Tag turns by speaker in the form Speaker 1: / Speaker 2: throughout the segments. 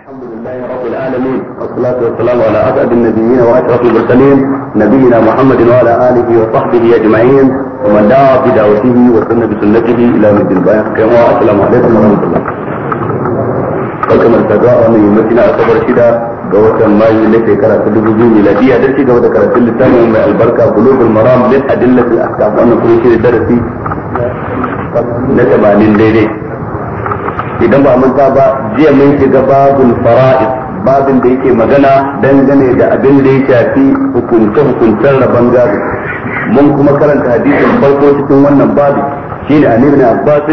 Speaker 1: الحمد لله رب العالمين والصلاة والسلام على أسعد النبيين وأشرف المرسلين نبينا محمد وعلى آله وصحبه أجمعين ومن دعا بدعوته وسن بسنته إلى يوم الدين كما السلام عليكم ورحمة الله kalkamar ta za'a mai yammaci na asabar shida ga watan mayu na shekara ta dubu biyu miladiya da shiga da karatun littafin mai albarka bulugul maram lil adillatil ahkam wannan kuma shi darasi na 80 daidai idan ba manta ba jiya mun shiga babul fara'id babin da yake magana dangane da abin da ya shafi hukunce hukuncen rabon gado mun kuma karanta hadisin farko cikin wannan babu shine an ibn abbas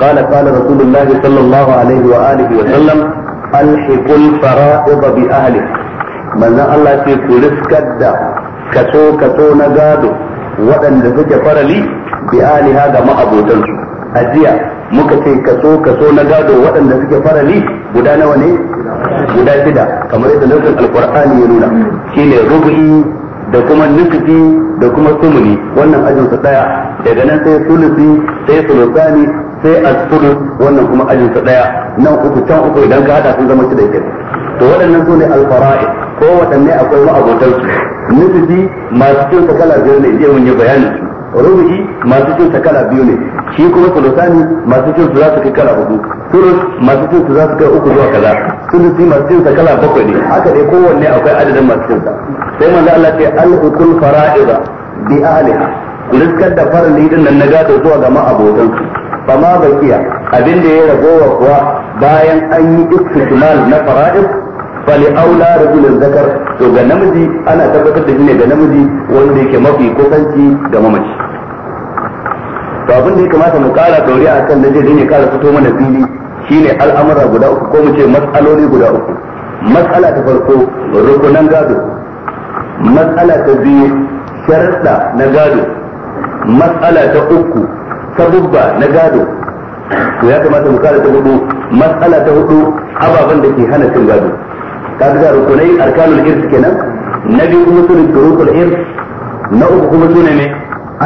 Speaker 1: qala qala rasulullahi sallallahu alaihi wa alihi wa sallam alhiqul fara'id bi ahli manzon Allah ce ku riskar da kaso kaso na gado waɗanda suke farali bi aliha ga ma'abotansu ajiya muka ce kaso kaso na gado waɗanda suke fara li guda nawa ne guda shida kamar yadda nufin alkur'ani ya nuna shine rubu'i da kuma nufi da kuma sumuni wannan ajin su daya daga nan sai sulusi sai sulusani sai asfudu wannan kuma ajin su daya nan uku can uku idan ka hada sun zama shi da ke to waɗannan su ne alfara'i ko waɗanne akwai ma'abotansu nufi masu cin kala biyar ne iya mun yi bayanin su rubuji masu cin sa kala biyu ne shi kuma sulusani masu cin su za su kai kala hudu sulus masu cin su za su kai uku zuwa kaza sulusi masu cin sa kala bakwai ne haka dai kowanne akwai adadin masu cin sa sai manzo Allah ce al-ukul fara'ida bi aliha riskar da farin din nan na gado zuwa ga ma'abotan su fa ma bakiya abin da ya ragowa kuwa bayan an yi istimal na fara'id fali aula rajulin zakar to ga namiji ana tabbatar da shi ne ga namiji wanda yake mafi kusanci ga mamaci to abin da ya kamata mu kara dauri a kan naje ne kara fito mana fili shine al'amura guda uku ko mu ce mas'aloli guda uku mas'ala ta farko rukunan gado mas'ala ta biyu sharadda na gado mas'ala ta uku sabubba na gado to ya kamata mu kara ta hudu mas'ala ta hudu ababen da ke hana cin gado ka ga rukunai arkanul irs kenan na biyu kuma sunan turukul irs na uku kuma sunan ne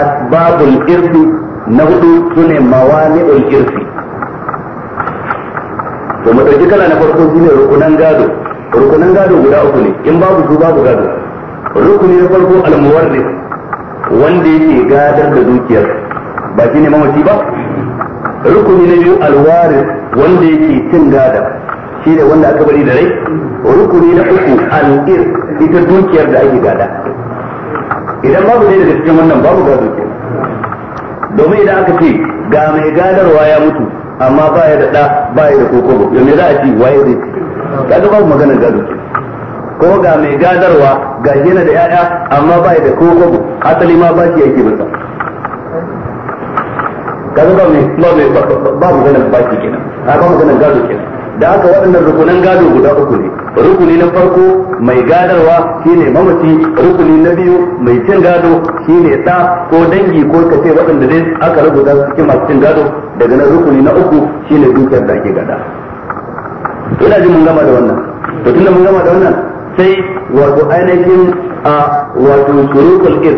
Speaker 1: asbabul irsi na hudu su ne ne da irfi to mu dauki kala na farko su ne rukunan gado rukunan gado guda uku ne in babu su babu gado rukuni na farko almuwarrif wanda yake gadar da dukiyar ba shi ne mamaci ba rukuni na biyu alwaris wanda yake cin gada shi ne wanda aka bari da rai rukuni na uku al'ir ita dukiyar da ake gada idan babu ne da cikin wannan babu gado ke domin idan aka ce ga mai gadarwa ya mutu amma ba ya da ɗa ba ya da kokobo ya mai za a ci waye zai ga babu maganar gado ko ga mai gadarwa ga yana da 'ya'ya amma ba ya da kokobo asali ma ba shi yake masa kaga ba mai ba mai ba maganar baki kenan a maganar gado kenan da aka waɗannan rukunan gado guda uku ne rukuni na farko mai gadarwa shine mamaci rukuni na biyu mai cin gado shine da ko dangi ko kace waɗanda dai aka rubuta su cikin masu cin gado daga nan rukuni na uku shine dukiyar da ake gada ina jin mun gama da wannan to tunda mun gama da wannan sai wato ainihin a wato shurukul ir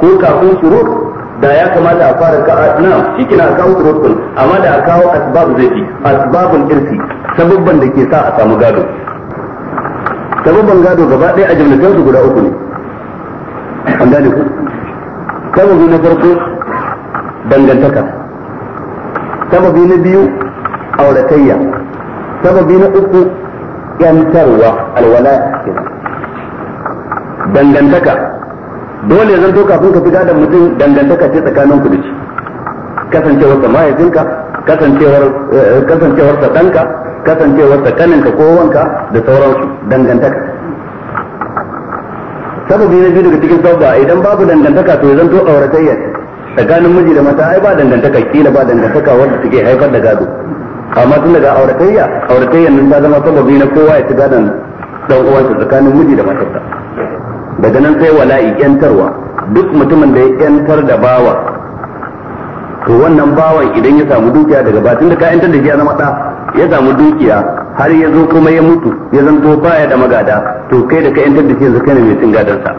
Speaker 1: ko kafin shuruk da ya kamata a fara ka na shi kina kawo shurukul amma da a kawo asbab zai fi asbabul irsi sababban da ke sa a samu gado sababban gado gaba ɗaya a jimlatan su guda uku ne an gane ku sababi na farko dangantaka sababi na biyu auratayya sababi na uku yantarwa alwala dangantaka dole zan to kafin ka fita da mutum dangantaka ce tsakanin ku da shi kasancewar sa mahaifinka kasancewar eh, sa danka kasancewar tsakaninka ko wanka da sauransu dangantaka sababi na biyu daga cikin sabba idan babu dangantaka to zan to auratayya tsakanin miji da mata ai ba dangantaka kila ba dangantaka wanda suke haifar da gado amma tun daga auratayya auratayyan nan ta zama sababi na kowa ya ci gadon dan uwansa tsakanin miji da matarsa daga nan sai wala'i yantarwa duk mutumin da ya yantar da bawa to wannan bawan idan ya samu dukiya daga batun da ka yantar da shi ya zama da ya samu dukiya har ya zo kuma ya mutu ya zanto baya da magada to kai da ka yantar da yanzu kai ne mai cin sa.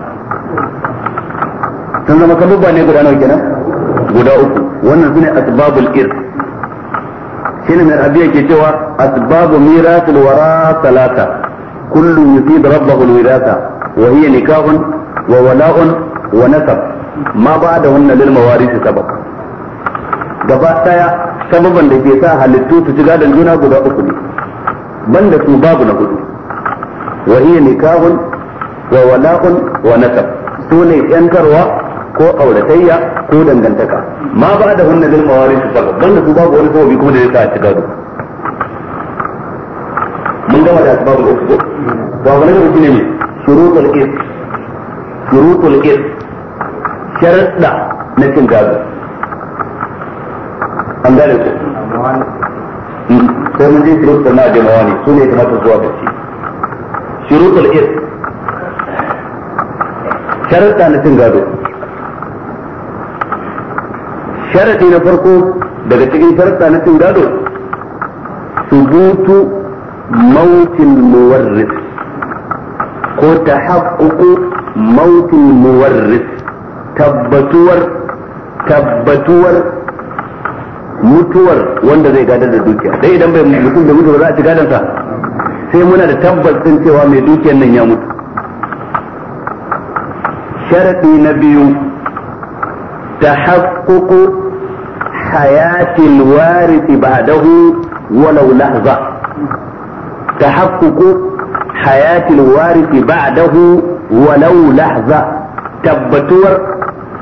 Speaker 1: sun zama kalubba ne guda nawa kenan guda uku wannan sune asbabul ir shine mai rabiya ke cewa asbabu miratul wara salata kullu yufid rabbahu alwirasa wa hiya nikahun wa wala'un wa nasab ma ba da wannan lil mawarisi sabab gaba daya sababan da ke sa halittu su ci gadon juna guda uku ne banda su babu na hudu wa iya nikahun wa wala'un wa nasab su ne yankarwa ko auratayya ko dangantaka ma ba da hunna lil mawaris sabab banda su babu wani sababi kuma da ya sa a ci gado mun gama da babu uku ba wani da ne ne shurutul is shurutul is sharadda na cin gado an gane ku ko mun ji shirut na jama'ani su ne kamata zuwa da shi shirut al-ir sharaɗa na cin gado sharaɗi na farko daga cikin sharaɗa na cin gado
Speaker 2: subutu
Speaker 1: mautin muwarris ko ta haƙuƙu mautin muwarris tabbatuwar tabbatuwar mutuwar wanda zai gadar da dukiya dai idan bai mutum da mutu za a ci sai muna da tabbas cewa mai dukiyar nan ya mutu sharadi na biyu ta haƙƙoƙo hayatin warisi ba walau lahza ta haƙƙoƙo hayatin warisi ba dahu walau lahza tabbatuwar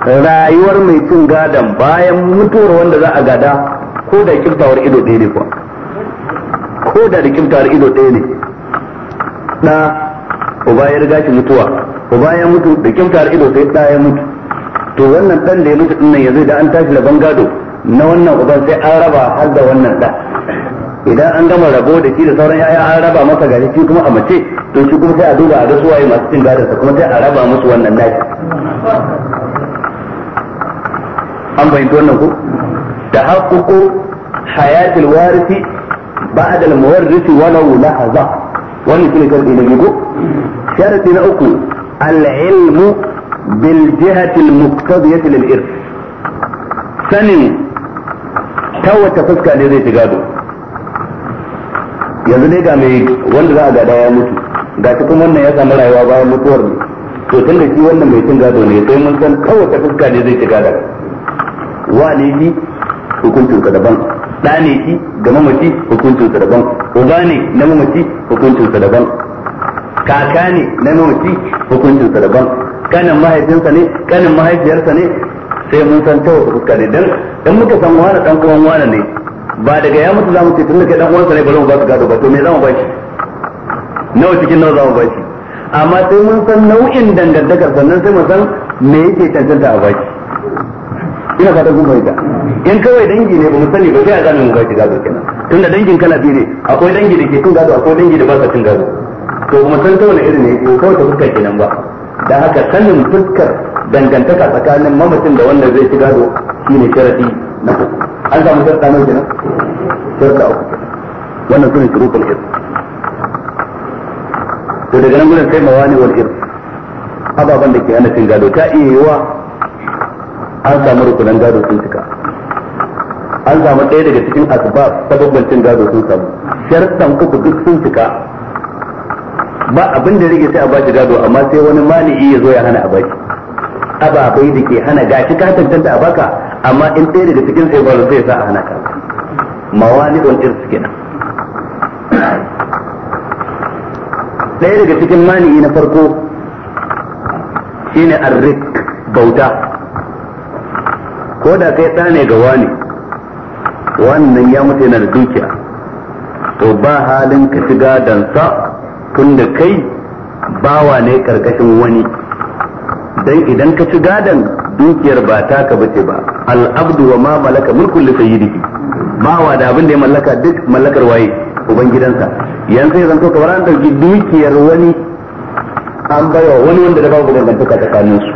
Speaker 1: rayuwar mai cin gadon bayan mutuwar wanda za a gada ko da kimtawar ido ɗaya ne kuwa ko da da kimtawar ido ɗaya ne ɗa uba ya riga shi mutuwa uba ya mutu da kimtawar ido sai ɗa ya mutu to wannan ɗan da ya mutu ɗin nan yanzu da an tashi da gado na wannan uban sai an raba har da wannan ɗa idan an gama rabo da shi da sauran yaya an raba masa gari shi kuma a mace to shi kuma sai a duba a ga suwaye masu cin gadon sa kuma sai a raba musu wannan
Speaker 2: naki
Speaker 1: an bayyana wannan ko تحقق حياة الوارث بعد المورث ولو لحظة wannan shine karɗi na go sharadi na uku al'ilmu bil jihati al muqtadiyati lil irth sanin ta wata fuska ne zai ci gado yanzu ne ga mai wanda za a gada ya mutu ga ta kuma wannan ya samu rayuwa bayan mutuwar ne to tunda shi wannan mai cin gado ne sai mun san ta wata fuska ne zai ci gado walidi hukuncin sa daban da ne shi ga mamaci hukuncin sa daban uba ne na mamaci hukuncin sa daban kaka ne na mamaci hukuncin sa daban kanin mahaifinsa ne kanin mahaifiyarsa ne sai mun san ta wata fuska ne dan dan muka san wani dan kuma wani ne ba daga ya mutu zamu ce tun da kai dan uwansa ne ba zamu ba su gado ba to me zamu ba shi nawa cikin nawa zamu ba shi amma sai mun san nau'in dangantakar sannan sai mun san me yake tantance a baki ina fatan kun fahimta in kawai dangi ne ba mu sani ba sai a zanen mu gaji gado kenan tunda dangin kala biyu ne akwai dangi da ke cin gado akwai dangi da ba sa cin gado to mu san ta irin ne ko kawai ta fuskar kenan ba dan haka sanin fuskar dangantaka tsakanin mamacin da wanda zai ci gado shine sharadi na uku an samu sharta nawa kenan sharta uku wannan sunan shurukul irs to daga nan gudun sai mawani wal irs ababan da ke hana cin gado ta iya yiwa an samu rukunan gado sun cika an samu ɗaya daga cikin asbab sababbin cin gado sun samu sharɗan uku duk sun cika ba abin da rage sai a baki gado amma sai wani mani'i ya zo ya hana a aba ababai da ke hana gashi ka tantanta a baka amma in ɗaya daga cikin sai ba zai sa a hana ka mawani don irsu kenan ɗaya daga cikin mani'i na farko shine arrik bauta ko da kai ɗa ne ga wani wannan ya mutu yana da dukiya to ba halin ka shiga dansa tun da kai bawa ne karkashin wani dan idan ka ci gadon dukiyar ba ta bace ba al'abdu wa ma malaka mulkul li sayyidihi bawa da abin da ya mallaka duk mallakar waye uban gidansa yanzu sai so ka an dauki dukiyar wani an baiwa wani wanda da babu dangantaka tsakanin su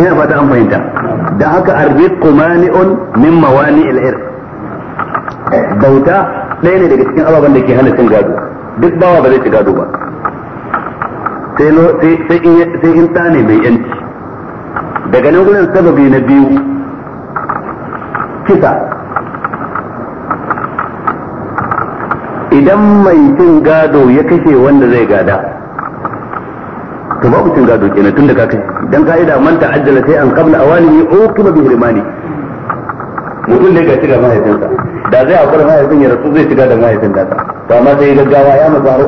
Speaker 1: ina fata an fahimta da haka arzik kumani'un min mawani al'ir bauta ɗaya ne daga cikin ababen da ke hana cin gado duk bawa ba zai ci gado ba sai in ta ne mai yanci daga nan gudun sababi na biyu kisa idan mai cin gado ya kashe wanda zai gada to babu cin gado kenan tunda ka kai dan ka'ida man ta'ajjala sai an qabla awanihi uqima bi hirmani mutum ne ga shiga mahaifinsa da zai hakura mahaifin ya rasu zai shiga da mahaifin da to amma sai gaggawa ya mazaro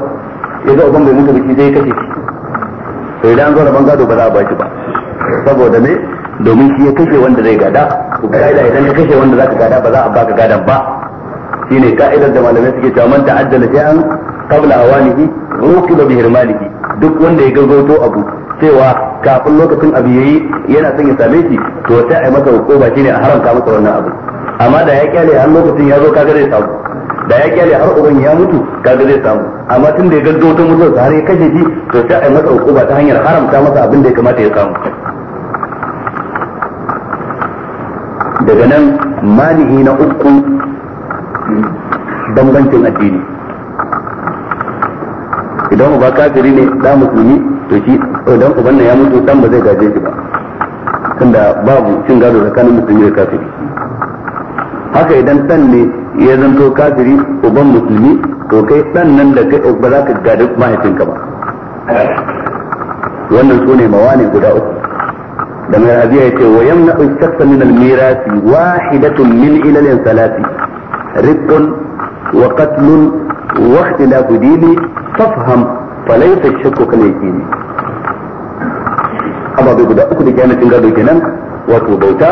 Speaker 1: ya ga uban bai mutu biki zai kashe shi to idan an zo ban gado ba za a ba shi ba saboda ne domin shi ya kashe wanda zai gada ku ka'ida idan ka kashe wanda zaka gada ba za a baka gadan ba shine ka'idar da malamai suke cewa man ta'ajjala an qabla awanihi uqiba bi hirmanihi duk wanda ya gaggauto abu cewa kafin lokacin abu yayi yana son ya same shi to sai ai masa hukuma shine a haramta masa wannan abu amma da ya kyale har lokacin ya zo kaga zai samu da ya kyale har uban ya mutu kaga zai samu amma tun da ya gaggauto mutuwar sai har ya kashe shi to sai ai masa hukuma ta hanyar haramta masa abin da ya kamata ya samu daga nan malihi na uku bambancin addini idan uba kafiri ne da musulmi to shi idan uban ya mutu dan ba zai gaje shi ba tunda babu cin gado tsakanin musulmi da kafiri haka idan dan ne ya zanto kafiri uban musulmi to kai dan nan da kai ba za ka gadi mahaifinka ba wannan su ne mawani guda uku da mai rabiya yace wa yamna shakhsan min almirasi mirasi wahidatun min ilalin salati rifqun wa qatlun wa ikhtilafu dini fafham falaita shakku ne amma bai guda uku da kiyama cin gado kenan wato bauta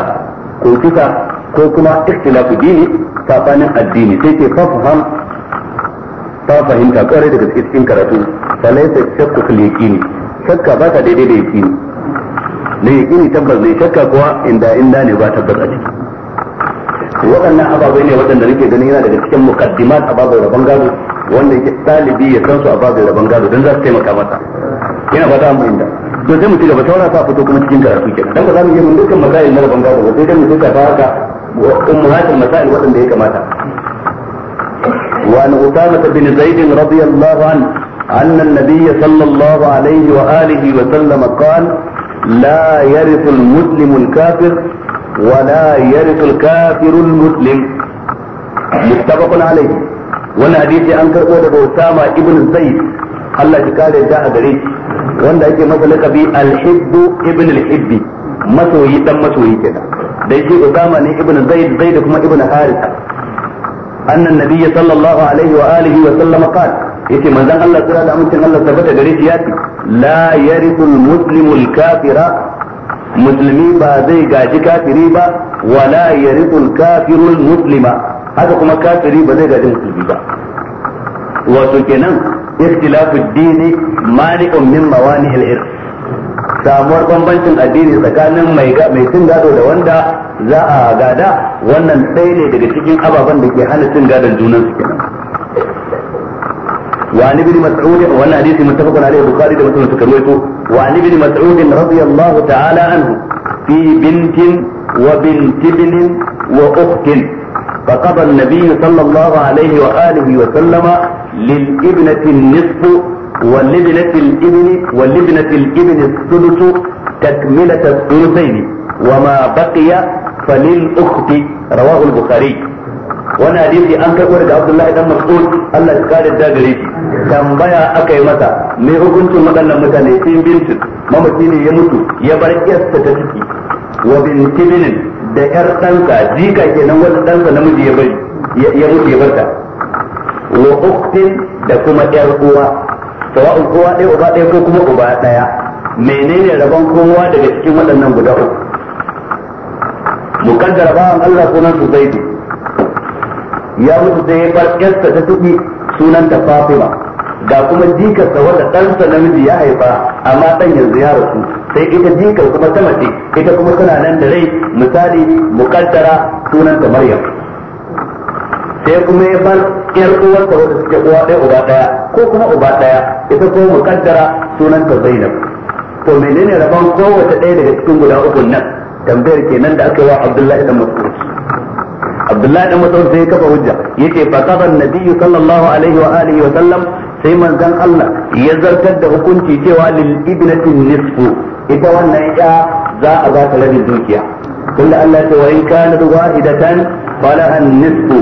Speaker 1: ko kisa ko kuma ikhtilafu dini sabanin addini sai ke fafham ta fahimta kare daga cikin karatu falaita shakku yake ne shakka ba ta daidai da ne yake ne tabbas ne shakka kuwa inda inda ne ba tabbas a ciki waɗannan ababai ne waɗanda nake ganin yana daga cikin mukaddimat ababai rabon gado wanda yake ɗalibi ya kansu a babu da bangado don za su taimaka masa yana fata an fahimta to sai mu ci gaba saura ta fito kuma cikin karatu ke dan ba za mu yi mun dukkan masail na bangado ba sai dai mu duka ta haka ummatul masail waɗanda ya kamata وعن أسامة بن زيد رضي الله عنه أن النبي صلى الله عليه وآله وسلم قال لا يرث المسلم الكافر ولا يرث الكافر المسلم متفق عليه wani hadisi an karɓo daga Usama ibn Zaid Allah ya kare da a gare shi wanda ake masa lakabi al-hibbu ibn al-hibbi masoyi dan masoyi kenan dai shi Usama ne ibn Zaid Zaid kuma ibn Harisa annan nabiyyi sallallahu alaihi wa alihi wa sallama qala yace manzon Allah tsira da amincin Allah tabbata gare shi yace la yarithu al-muslimu al-kafira musulmi ba zai gaji kafiri ba wala yarithu al-kafiru al-muslima haka kuma kafiri ba zai gaji musulmi ba wato kenan ikhtilafu dini malikun min mawani al'ir samuwar bambancin addini tsakanin mai mai cin gado da wanda za a gada wannan ɗaya ne daga cikin ababan da ke hana cin gadon junan su kenan wa ani bin mas'ud wannan hadisi mutafaqun alayhi bukhari da muslim suka rawaito wa ani bin mas'ud radiyallahu ta'ala anhu fi bintin wa bint ibn wa ukhtin فقضى النبي صلى الله عليه وآله وسلم للابنة النصف ولابنة الابن ولابنة الابن الثلث تكملة الثلثين وما بقي فللأخت رواه البخاري wani hadisi an karɓo daga Abdullahi dan Mas'ud Allah ya kare da gare shi tambaya akayi masa me hukuncin waɗannan mutane sun bintin mamaci ne ya mutu ya bar iyarsa ta ciki wa da yar ɗanka jika kenan wani ɗanka namiji ya bari ya mutu ya barta wa uktin da kuma yar uwa sawa'un kowa ɗaya uba ɗaya ko kuma uba ɗaya menene rabon kowa daga cikin waɗannan guda uku mukaddara bawan Allah sunan su zaidu ya mutu sai ya bar yarsa ta tuki sunan ta Fatima ga kuma jikarsa wanda ɗansa namiji ya haifa amma ɗan yanzu ya rasu sai ita jikar kuma ta mace ita kuma tana nan da rai misali mukaddara sunanta maryam sai kuma ya bar ƴar uwarsa wanda suke uwa ɗaya uba ɗaya ko kuma uba ɗaya ita kuma mukaddara sunanta zainab to menene rabon kowace ɗaya daga cikin guda uku nan tambayar kenan da aka yi wa abdullahi da mas'ud abdullahi dan mas'ud sai ya kafa hujja yace fa qada an-nabiy sallallahu alaihi wa alihi wa sallam sai manzon Allah ya zartar da hukunci cewa lil ibnati nisfu ita wannan ya za a ba ta rabin dukiya kullu Allah ta wayin kana wahidatan fala an nisfu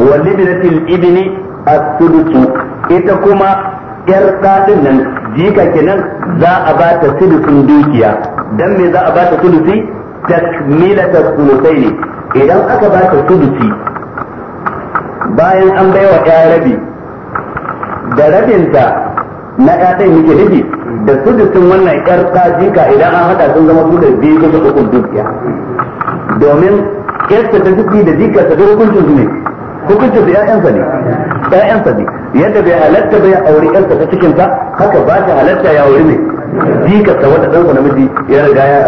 Speaker 1: wa libnati al ibni as-sudusu ita kuma yar ɗaɗin nan jika kenan za a ba ta sudusun dukiya dan me za a ba ta sudusi takmilata sulusai ne idan aka ba ta sudusi bayan an baiwa ya rabi da rabinta na ƴaƴan yake nufi da sudusin wannan ƴar tajika idan an haɗa sun zama su da biyu kusa uku dukiya domin ƴarsa ta ciki da ta da hukuncin su ne hukuncin su ƴaƴansa ne ƴaƴansa ne yadda bai halatta bai auri ƴarsa ta cikin sa haka ba ta halatta ya auri ne ta wata ɗan namiji ya riga ya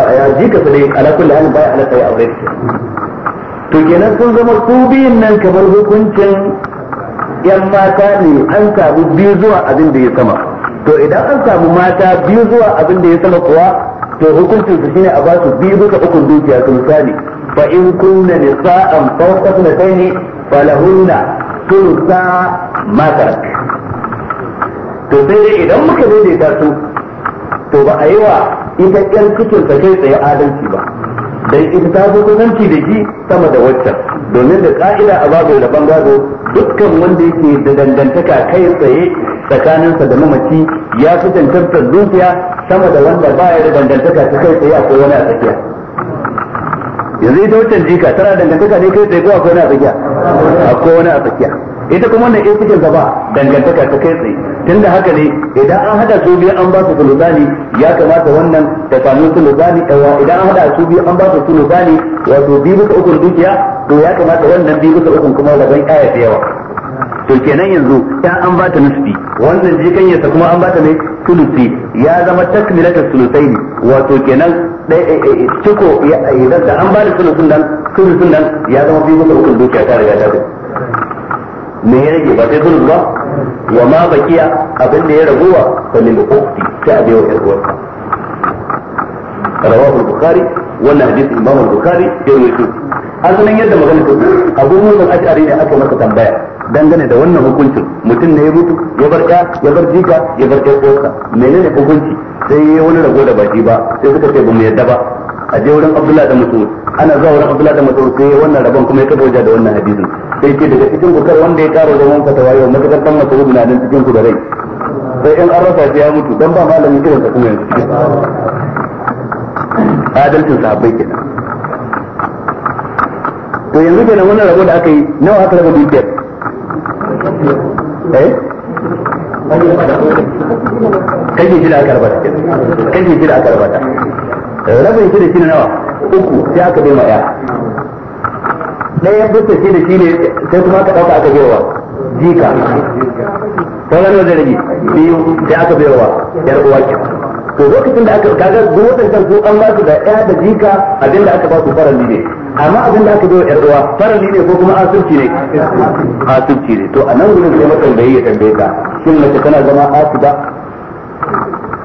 Speaker 1: ta dai ala kulli halin baya halatta ya aure to kenan sun zama su biyun nan kamar hukuncin yan mata ne an samu biyu zuwa abin da ya sama to idan an samu mata biyu zuwa abin da ya sama kuwa to hukuncin su shine a basu biyu duka uku dukiya su misali fa in kunna nisa'an fawqa sunatayn falahunna thulutha ma to sai dai idan muka daidaita su to ba a yi wa ita yan cikin sa kai tsaye adalci ba dai ita ta zo kusanci da shi sama da waccan domin da ka'ida a babu da gado dukkan wanda yake da dangantaka kai tsaye tsakaninsa da mamaci ya fi dangantar zuciya sama da wanda ba ya da dangantaka ta kai tsaye akwai wani a tsakiya yanzu ita waccan jika tana dangantaka ne kai tsaye ko akwai wani a tsakiya akwai wani a tsakiya ita kuma wannan ita cikin gaba dangantaka ta kai tsaye da haka ne idan an hada su biyu an ba su sulubani ya kamata wannan ta samu sulubani ɗawa idan an hada su biyu an ba su sulubani wato biyu bisa ukun dukiya to ya kamata wannan biyu bisa ukun kuma rabon ƙaya da yawa to kenan yanzu ya an ba ta nisbi wannan jikan yasa kuma an ba ta ne sulusi ya zama takmilatul ne wato kenan eh, eh, eh, ciko ya da an ba da sulusun nan sulusun nan ya zama biyu bisa ukun dukiya ta riga ta
Speaker 2: me ya rage ba sai sulhu
Speaker 1: ba wa ma bakiya abin da ya raguwa falil ukhti sai a bayar uwarka rawahu bukhari wannan hadisi imam bukhari ya rawaito asalin yadda magana ta abu musa ash'ari ne aka masa tambaya dangane da wannan hukuncin mutum ne ya mutu ya bar ya ya bar jika ya bar ƴan uwarka menene hukunci sai ya wani rago da baki ba sai suka ce ba mu yadda ba a je wurin Abdullahi da Mas'ud ana zuwa wurin Abdullahi da Mas'ud sai wannan rabon kuma ya kafa wajen da wannan hadisin sai ke daga cikin ku wanda ya karo da wanka ta wayo matakan dan Mas'ud na nan cikin ku da rai sai in an rasa ya mutu dan ba malami kiran ta kuma yanzu adalcin sahabbai kenan to yanzu kenan wannan rabo da aka yi nawa aka raba dukiyar eh
Speaker 2: kaje jira aka raba kaje jira aka rabata rabin shi da shi nawa uku sai aka bai ma ɗaya ɗaya bisa shi da shi ne sai kuma aka ɗauka aka baiwa jika sauran wajen rage biyu sai aka baiwa yar uwa ke
Speaker 1: to lokacin da aka kaga gwamnatin kan ko an ba su da ɗaya da jika abin da aka ba su farali ne amma abin da aka baiwa yar uwa farali ne ko kuma asirci ne asirci ne to a nan gudun sai matambayi ya tambaye ka shin mace tana zama asiba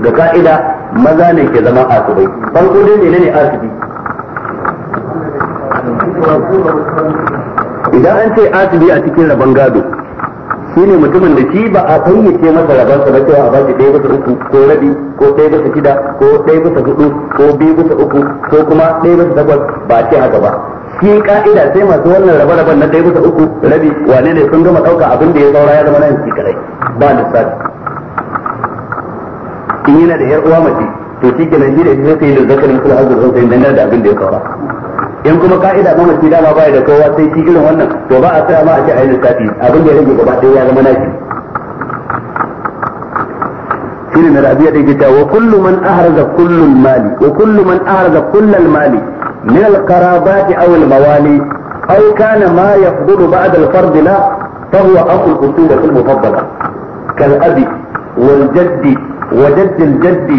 Speaker 1: da ka'ida maza ne ke zama asibai farko dai ne ne asibi idan an ce asibi a cikin rabon gado shi ne mutumin da shi ba a fayyace masa rabon sa ba cewa a bashi ɗaya bisa uku ko rabi ko ɗaya bisa shida ko ɗaya bisa hudu ko biyu bisa uku ko kuma ɗaya bisa takwas ba ce haka ba shi ka'ida sai masu wannan rabe-raben na ɗaya bisa uku rabi wane ne sun gama ɗauka abin da ya saura ya zama na yanki kadai ba lissafi in yana da yar uwa mace to shi kenan shi da ita sai da zakar musu da azurfan sai dan da abin da ya kawo in kuma ka'ida ma mace dama ba da kowa sai shi irin wannan to ba a tsaya ma a ce a kafi abin da ya rage gaba ɗaya ya zama nashi shine na rabiya da gita wa kullu man ahraza kullu mali wa kullu man ahraza kullu mali min al qarabati aw al mawali aw kana ma yafdulu ba'd al fard la fa huwa aqul usul al mufaddala kal abi wal jaddi وجد الجد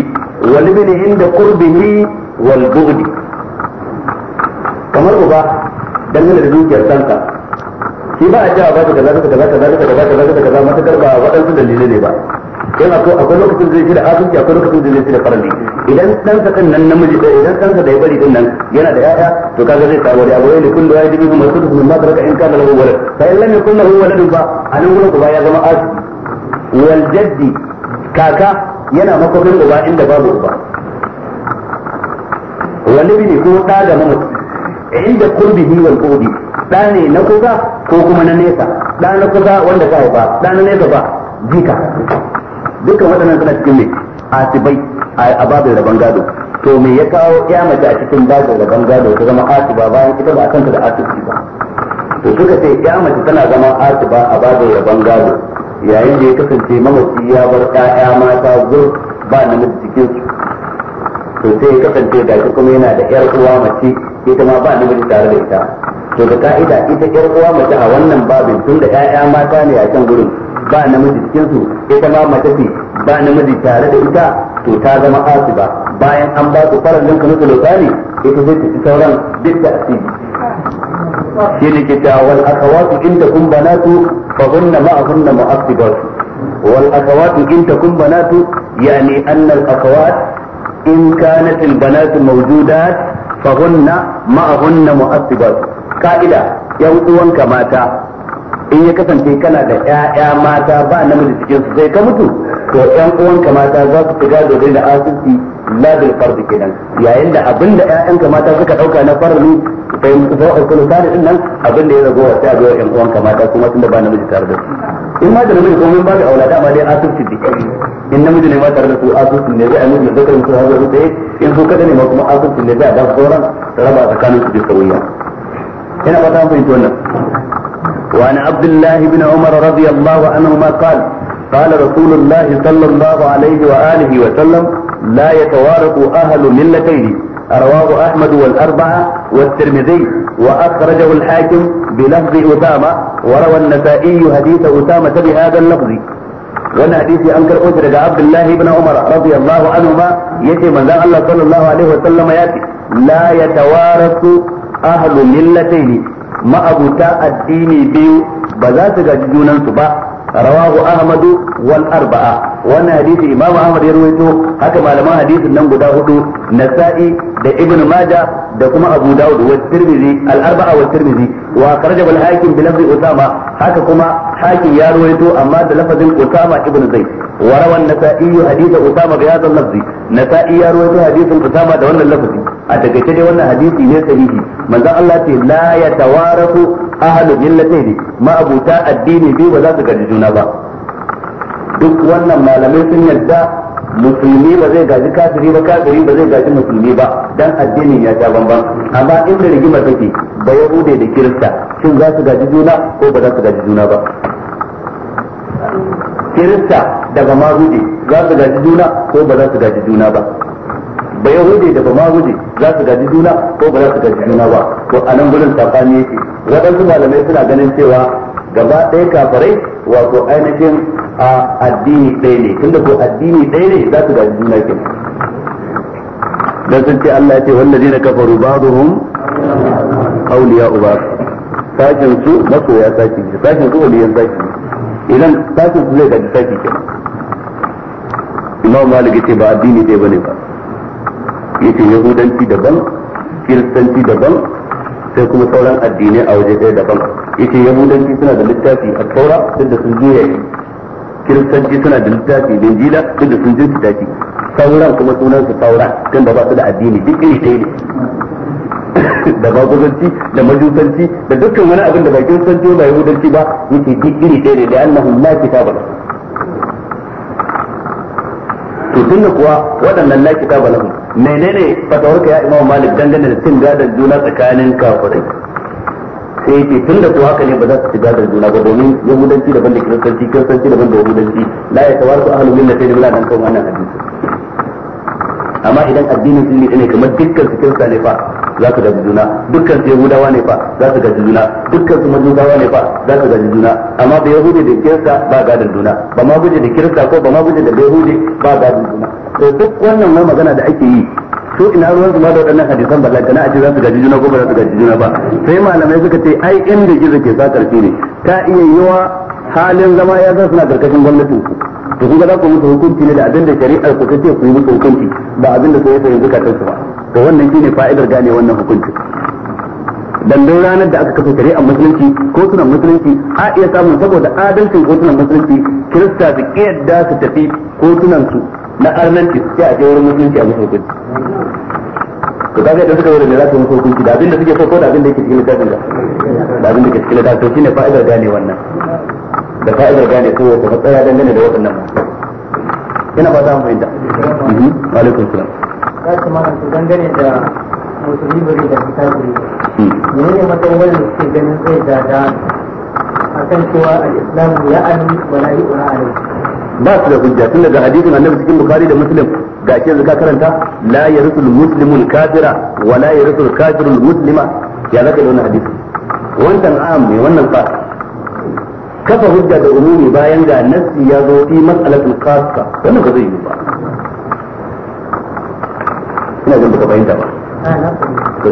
Speaker 1: والابن عند قربه والبغد kamar uba dangane da dukiyar sanka shi ba a cewa ba kaza kaza kaza kaza kaza kaza kaza matakar ba waɗansu dalilai ne ba in akwai akwai lokacin zai shirya asibiti akwai lokacin zai shirya farali idan ɗansa kan nan namiji ɗaya idan ɗansa da ya bari din nan yana da ƴaƴa to kaga zai samu da abu ne kullu ya dubi kuma su kuma ma taraka in kana lahu walad fa in lam yakun lahu walad ba anan gurin ba ya zama asibiti wal jaddi kaka yana makonin uba inda babu uba wani bi ne ko ɗa da mamut eh, inda kurbihi wal qurbi ɗa ne na kuga ko kuma na nesa ɗa na kuga wanda ka ba ɗa na nesa ba jika dukkan waɗannan suna cikin ne asibai a babin rabon gado to me ya kawo ya a cikin babin rabon gado ta zama asiba bayan ita ba a kanta da asibiti ba to suka ce ya mace tana zama asiba a babin rabon gado yayin da ya kasance mamaci ya bar ƴaƴa mata gur ba namiji cikin su to sai ya kasance da shi kuma yana da ƴar uwa mace ita ma ba namiji tare da ita to da ka'ida ita ƴar uwa mace a wannan babin tun da ƴaƴa mata ne a can gurin ba namiji cikin su ita ma mace ce ba namiji tare da ita to ta zama asiba bayan an ba su farallin kanu da ita zai ta ci sauran duk da asiri shi ne ke cewa wal akawatu inda kun banatu fa hunna ma hunna mu'aqibatu wal akawatu inda kun banatu yani anna al akawat in kanat al banatu mawjudat fa hunna ma hunna mu'aqibatu ka'ida yan uwanka mata in ya kasance kana da ƴaƴa mata ba namiji cikin su sai ka mutu to ƴan uwanka mata za su shiga dogari da asusi labil fardi kenan yayin da abinda ƴaƴanka mata suka dauka na sai mu zo a ukulu tare din nan da ya ragowa sai a ga ƴan uwanka mata kuma tunda ba namiji tare da su in ma da namiji kuma ba da aulada ma dai asibiti in namiji ne ma tare da su asusi ne zai amince da kan su har da su in su kada ne ma kuma asusi ne zai da sauran raba tsakanin su da sauya ina ba ta fahimci wannan وعن عبد الله بن عمر رضي الله عنهما قال قال رسول الله صلى الله عليه وآله وسلم لا يتوارث أهل ملتين رواه أحمد والأربعة والترمذي وأخرجه الحاكم بلفظ أسامة وروى النسائي حديث أسامة بهذا اللفظ وانا حديثي أنكر أجر عبد الله بن عمر رضي الله عنهما يتي من الله صلى الله عليه وسلم يأتي لا يتوارث أهل ملتين ma'abuta addini biyu ba za su gaji junansu ba rawahu ahmadu wal arba'a wannan hadisi imamu ahmad ya rawaito haka malaman hadisin nan guda hudu nasa'i da ibnu majah da kuma abu dawud wa tirmidhi al arba'a wa tirmidhi wa kharajahu al hakim bi lafzi usama haka kuma hakim ya rawaito amma da lafazin usama ibn zaid wa rawan nasa'i hadith usama bi hadha al lafzi nasa'i ya rawaito hadisin usama da wannan lafzi a takaice dai wannan hadisi ne sahihi manzon Allah ce la yatawarasu ahlu millatayn ma abuta addini biyu ba za su gaji juna ba duk wannan malamai sun yarda musulmi ba zai gaji kafiri ba kafiri ba zai gaji musulmi ba dan addinin ya ta bamban amma inda rigimar take ba yahude da kirista shin za su gaji juna ko ba za su gaji juna ba kirista daga mazude za su gaji juna ko ba za su gaji juna ba ba yahudi da ba ma guje za su gaji juna ko ba za su gaji juna ba to a nan gurin tsakani yake waɗansu malamai suna ganin cewa gaba ɗaya kafarai wato ainihin a addini ɗaya ne tunda ko addini ɗaya ne za su gaji juna ke dan sun ce Allah ya ce wallazi na kafaru ba'dhum awliya uba sakin su masoya sashi sakin su waliyan sashi idan sakin su zai gaji saki ke imam malik ce ba addini ɗaya bane ba yake yahudanci daban kiristanci daban sai kuma sauran addinai a waje ɗaya daban yake yahudanci suna da littafi a taura duk da sun je yayi kiristanci suna da littafi da jila duk da sun jirkita shi sauran kuma sunan su sauran tun da ba su da addini duk iri ɗaya ne da maguzanci da majusanci da dukkan wani abin da ba kiristanci ba yahudanci ba yake duk iri ɗaya ne da annahu la kitaba to tunda kuwa waɗannan la kitaba lahum menene fatawarka ya imamu malik dangane da cin gadar juna tsakanin kafirai sai tun da kuwa haka ne ba za su ci gadar juna ba domin yahudanci daban da kiristanci kiristanci daban da yahudanci la ya tawar su millati min al kan wannan hadisi amma idan addinin sunni ne kamar dukkan su kirista ne fa za su gaji juna dukkan su yahudawa ne fa za su gaji juna dukkan su majusawa ne fa za su gaji juna amma ba yahudi da kirista ba gadin juna ba ma guje da kirista ko ba ma guje da yahudi ba gadin juna to duk wannan wani magana da ake yi to ina ruwan su ma da waɗannan hadisan ba lakana a ce za su gaji juna ko ba za su gaji juna ba sai malamai suka ce ai inda gizo ke sa karfi ne ta iya yiwa halin zama ya zan suna karkashin gwamnatin su to kun ga za ku musu hukunci ne da abin da shari'ar ku kace ku yi musu hukunci ba abin da sai yanzu ka kansu ba to wannan shine fa'idar gane wannan hukunci dan dan ranar da aka kafa shari'ar musulunci ko suna musulunci a iya samun saboda adalcin ko suna musulunci kirista su da su tafi ko tunan su na arnanci sai a je wurin musulunci a musu hukunci to kaga da suka wurin da za su musu hukunci da abin da suke so ko da abin da yake cikin littafin da abin da yake cikin littafin to shine fa'idar gane wannan da fa'idar gane kawai ka tsaya dangane da waɗannan
Speaker 2: ina ba za mu fahimta wa mhm. alaikum salam ya kamata su dangane da musulmi bari da kafiri hmm. menene matsayin wanda suke ganin zai da da akan cewa al-islam ya ani wala yu'ra alaihi
Speaker 1: ba su da hujja tun daga hadisin annabi cikin bukhari da muslim ga ke zaka karanta la yarsul muslimul kafira wala yarsul kafirul muslima ya zaka da wannan hadisi wannan am ne wannan fa kafa hujja da umumi bayan ga nassi ya zo fi mas'alatul khassa wannan ba zai yi ba ina jin
Speaker 2: baka bayyana ba to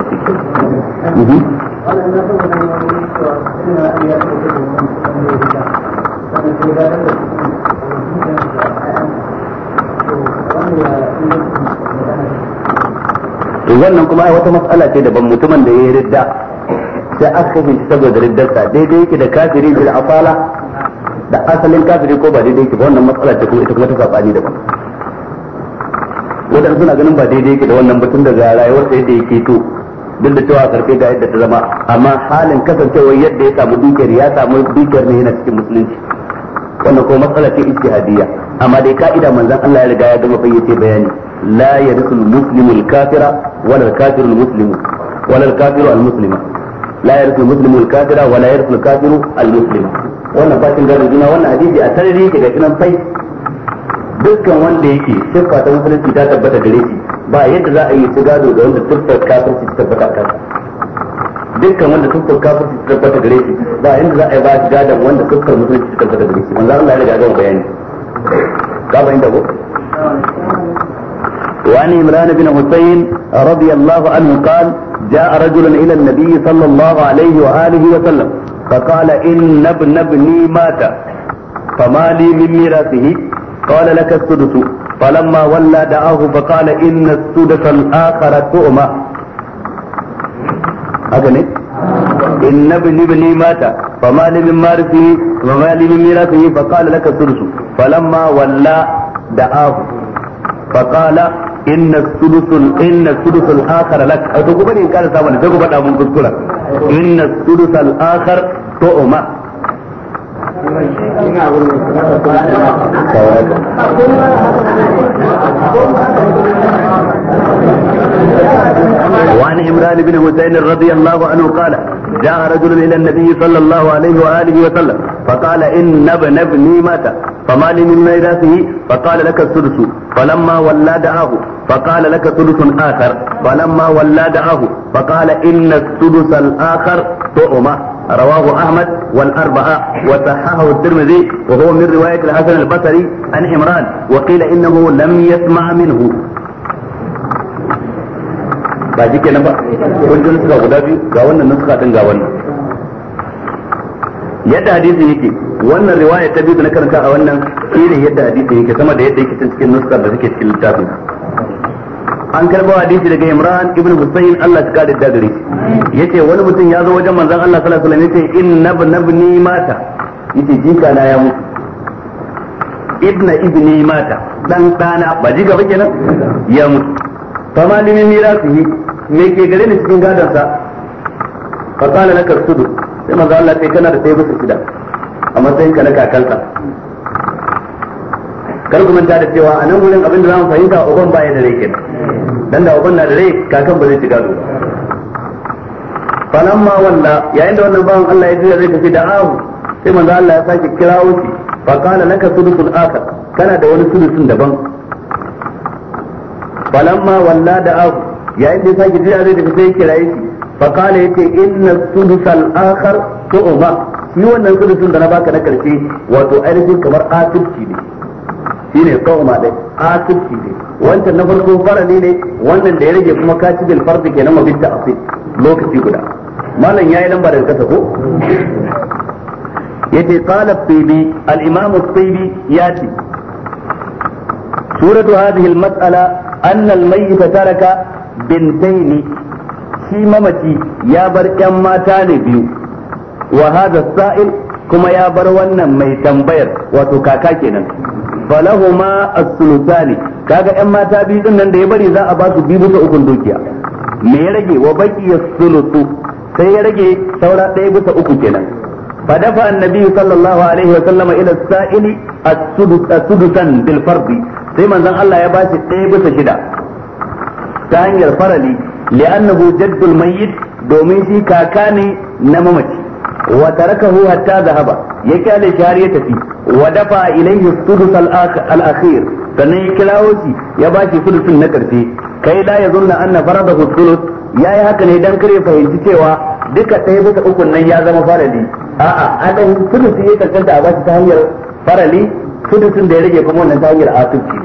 Speaker 1: na wannan kuma ai wata matsala ce daban mutumin da ya yi ridda sai aka kashe shi saboda riddarsa daidai yake da kafiri bil afala da asalin kafiri ko ba daidai yake ba wannan matsalar da kuma ita kuma ta sabani daban wadanda suna ganin ba daidai yake da wannan batun daga rayuwar sa yadda yake to duk da cewa a karfe ga yadda ta zama amma halin kasancewar yadda ya samu dukiyar ya samu dukiyar ne yana cikin musulunci wannan kuma matsala ce ijtihadiyya amma dai ka'ida manzon Allah ya riga ya gama fayyace bayani la yarsul muslimul kafira wala al-kafiru al-muslimu wala al-kafiru al muslimu لا يرث المسلم الكافر ولا wa الكافر المسلم al باكن al-muslim كده ga dukkan wanda yake siffa ta musulunci ta tabbata gare shi ba a yi su gado da dukkan wanda kafirci ta tabbata gare shi ba yadda za a yi ba shi wanda musulunci ta tabbata gare shi ya riga bayani ga da ko وعن عمران بن حسين رضي الله عنه قال جاء رجل إلى النبي صلى الله عليه وآله وسلم فقال إن ابن ابني مات فما لي من ميراثه قال لك السدس فلما ولى دعاه فقال إن السدس الآخر تؤمى هكذا إن ابن ابني مات فما لي من مارثه فما لي من ميراثه فقال لك السدس فلما ولى دعاه فقال inna sudusul inna sudusul akhar lak a to gobe ne in ƙara samu da gobe da mun kuskura inna sudusul akhar to umma Thank you. وعن عمران بن حسين رضي الله عنه قال جاء رجل إلى النبي صلى الله عليه وآله وسلم فقال إن ابن ابني مات فما لي من ميراثه فقال لك السدس فلما ولى دعاه فقال لك سدس آخر فلما ولى دعاه فقال إن السدس الآخر طعمه رواه احمد والاربعه وصححه الترمذي وهو من روايه الحسن البصري عن عمران وقيل انه لم يسمع منه ba ji kenan ba kun hujjar nuska guda biyu ga wannan nuska din ga wannan yadda hadisin yake wannan riwaya ta biyu da na karanta a wannan shine yadda hadisin yake sama da yadda yake cikin nuskar da suke cikin littafin an karba hadisi daga Imran ibn Husayn Allah ya kada da gare yace wani mutum ya zo wajen manzon Allah sallallahu alaihi wasallam yace inna nabni mata yace jika na ya mutu ibna ibni mata dan dana ba jika ba kenan ya mutu kama limin mirasihi me ke gare ni cikin gadon sa fa qala laka sudu sai manzo Allah sai kana da sai bisa shida amma sai ka na kakansa kar ku manta da cewa a nan gurin abin da zamu fahimta uban baya da rai kenan dan da uban na da rai kakan ba zai ci gado ma walla yayin da wannan bawan Allah ya jira zai tafi da ahu sai manzo Allah ya sake kirawo shi fa qala laka sudusul akhar kana da wani sudusun daban falamma walla da abu yayin da ya sake jira zai tafi sai kiraye shi fa kana yace inna sudusal akhar tu'ma shi wannan sudusun da na baka na karshe wato ainihin kamar asirci ne shine tu'ma dai asirci ne wancan na farko farali ne wannan da ya rage kuma katibin fardi kenan mabitta asir lokaci guda malam yayi lamba daga kasa ko yace qala tibi al-imam at-tibi yati suratu hadhihi al-mas'ala annal mayyita taraka bintaini shi mamaci ya bar 'yan mata ne biyu wa hadha sa'il kuma ya bar wannan mai tambayar wato kaka kenan falahuma as ne. kaga 'yan mata biyu din nan da ya bari za a ba biyu bisa ukun dukiya me ya rage wa baki as-sulusu sai ya rage saura ɗaya bisa uku kenan fa dafa annabi sallallahu alaihi sallama ila as-sa'ili a sudusan bil fardi sai manzon Allah ya bashi ɗaya bisa shida ta hanyar farali li'annahu jaddul mayyit domin shi kaka ne na mamaci wa tarakahu hatta zahaba ya kyale shi ya tafi wa dafa ilaihi sudus al-akhir sannan ya kilawo shi ya bashi sudusin na karfe. kai la zunna anna faradahu sudus yayi haka ne dan kare fahimci cewa duka ɗaya bisa ukun nan ya zama farali a'a adan sudusi ya tantance a bashi ta hanyar farali sudusin da ya rage kuma wannan ta hanyar asibci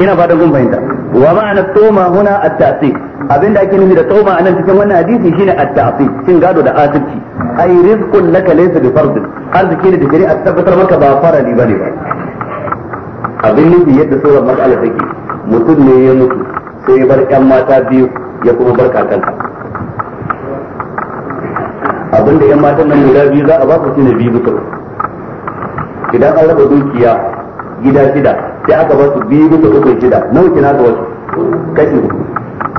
Speaker 1: ina fatan kun fahimta wa ma'ana toma huna at abin abinda ake nufi da toma anan cikin wannan hadisi shine at-ta'sib cin gado da asibci ai rizqun laka laysa bi fard arziki ne da shari'a tabbatar maka ba farali bane ba abin nufi yadda sauran mas'ala take mutum ne ya mutu sai ya bar ƴan mata biyu ya kuma bar abin abinda ƴan matan nan guda biyu za a ba ku shine biyu bisa idan an raba dukiya gida shida sai aka ba su biyu bisa uku shida nawa kina aka wasu kashi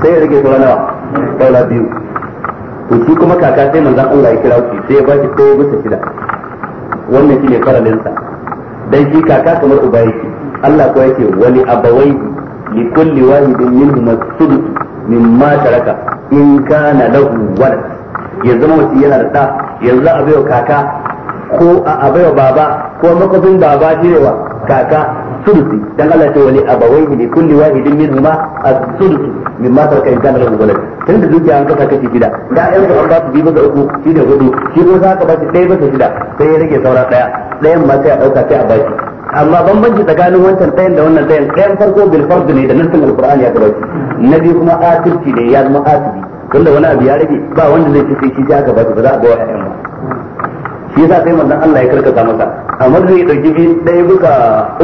Speaker 1: sai ya rage saura nawa saura biyu to shi kuma kaka sai manzan Allah ya kira shi sai ya ba shi ɗaya bisa shida wannan shi shine faralinsa dan shi kaka kamar uba yake Allah ko yake wani abawai li kulli wahidin minhum as-sudus mimma taraka in kana lahu walad ya zama mutum yana da ta yanzu a baiwa kaka ko a baiwa baba ko makwabin baba shi kaka sulusi dan Allah ce wali abawaihi li kulli wahidin minhuma as-sulusi min taraka in kana lahu walad tun da dukiya an kasa kashi shida da ayan su ba su biyu ba uku shi da hudu shi ko za ka ba shi ɗaya su shida sai ya rage saura ɗaya ɗayan ma sai a ɗauka sai a baki amma bambanci tsakanin wancan ɗayan da wannan ɗayan ɗayan farko bil fard ne da nassin alqur'ani ya gabata na biyu kuma asirci ne ya zama asibi tunda wani abu ya rage ba wanda zai ci sai shi ka ba ba za a ga wa'ayan ba shi yasa sai manzon Allah ya karkata masa amma zai yi dauki bi dai buka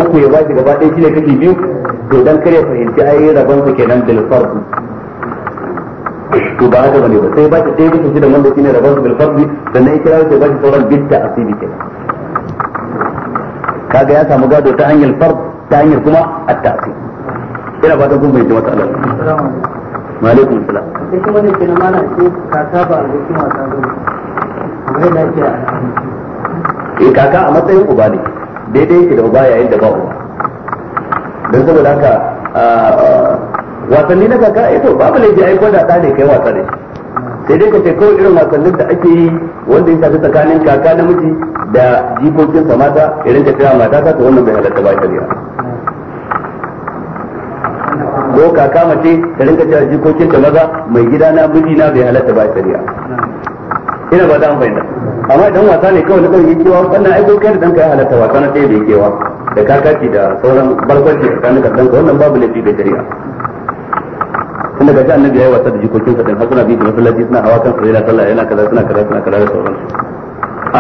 Speaker 1: uku ya bashi gaba ɗaya shi ne kake biyu to dan kare fahimci ai rabon sa kenan bil fard to ba haka bane ba sai ba shi ɗaya bisa shi da manzon shi ne rabon sa bil fard sannan ya kira shi ba shi sauran bitta asibi kenan kaga ya samu gado ta hanyar fard ta hanyar kuma at-ta'sib ina ba ta gumbai ji wata Allah assalamu alaikum wa alaikum assalam
Speaker 2: sai kuma ne kenan mana ce ka saba da kuma ta
Speaker 1: Eh, kaka a matsayin uba ne daidai yake da uba yayin da ba uba don saboda haka wasanni na kaka ito eh to babu laifi ai ko da ɗa ne kai wasa ne sai dai ka ce kawai irin wasannin da ake yi wanda ya shafi tsakanin kaka namiji da jikokin sa mata irin ta kira mata ta wannan bai halatta ba shari'a ko kaka mace ta rinka cewa jikokin ta maza mai gida na miji na bai halatta ba shari'a ina ba da an bayyana amma idan wasa ne kawai na ɗauki kewa wannan aiko kai da danka ya halatta wasa na ɗaya yake kewa da kakaci da sauran barkwanci tsakanin ka danka wannan babu laifi ga shari'a tunda ga annabi yayi wasa da jikokin sa din har suna bi da masallaci suna hawa kan yana sallah yana kaza suna kaza suna kaza da sauransu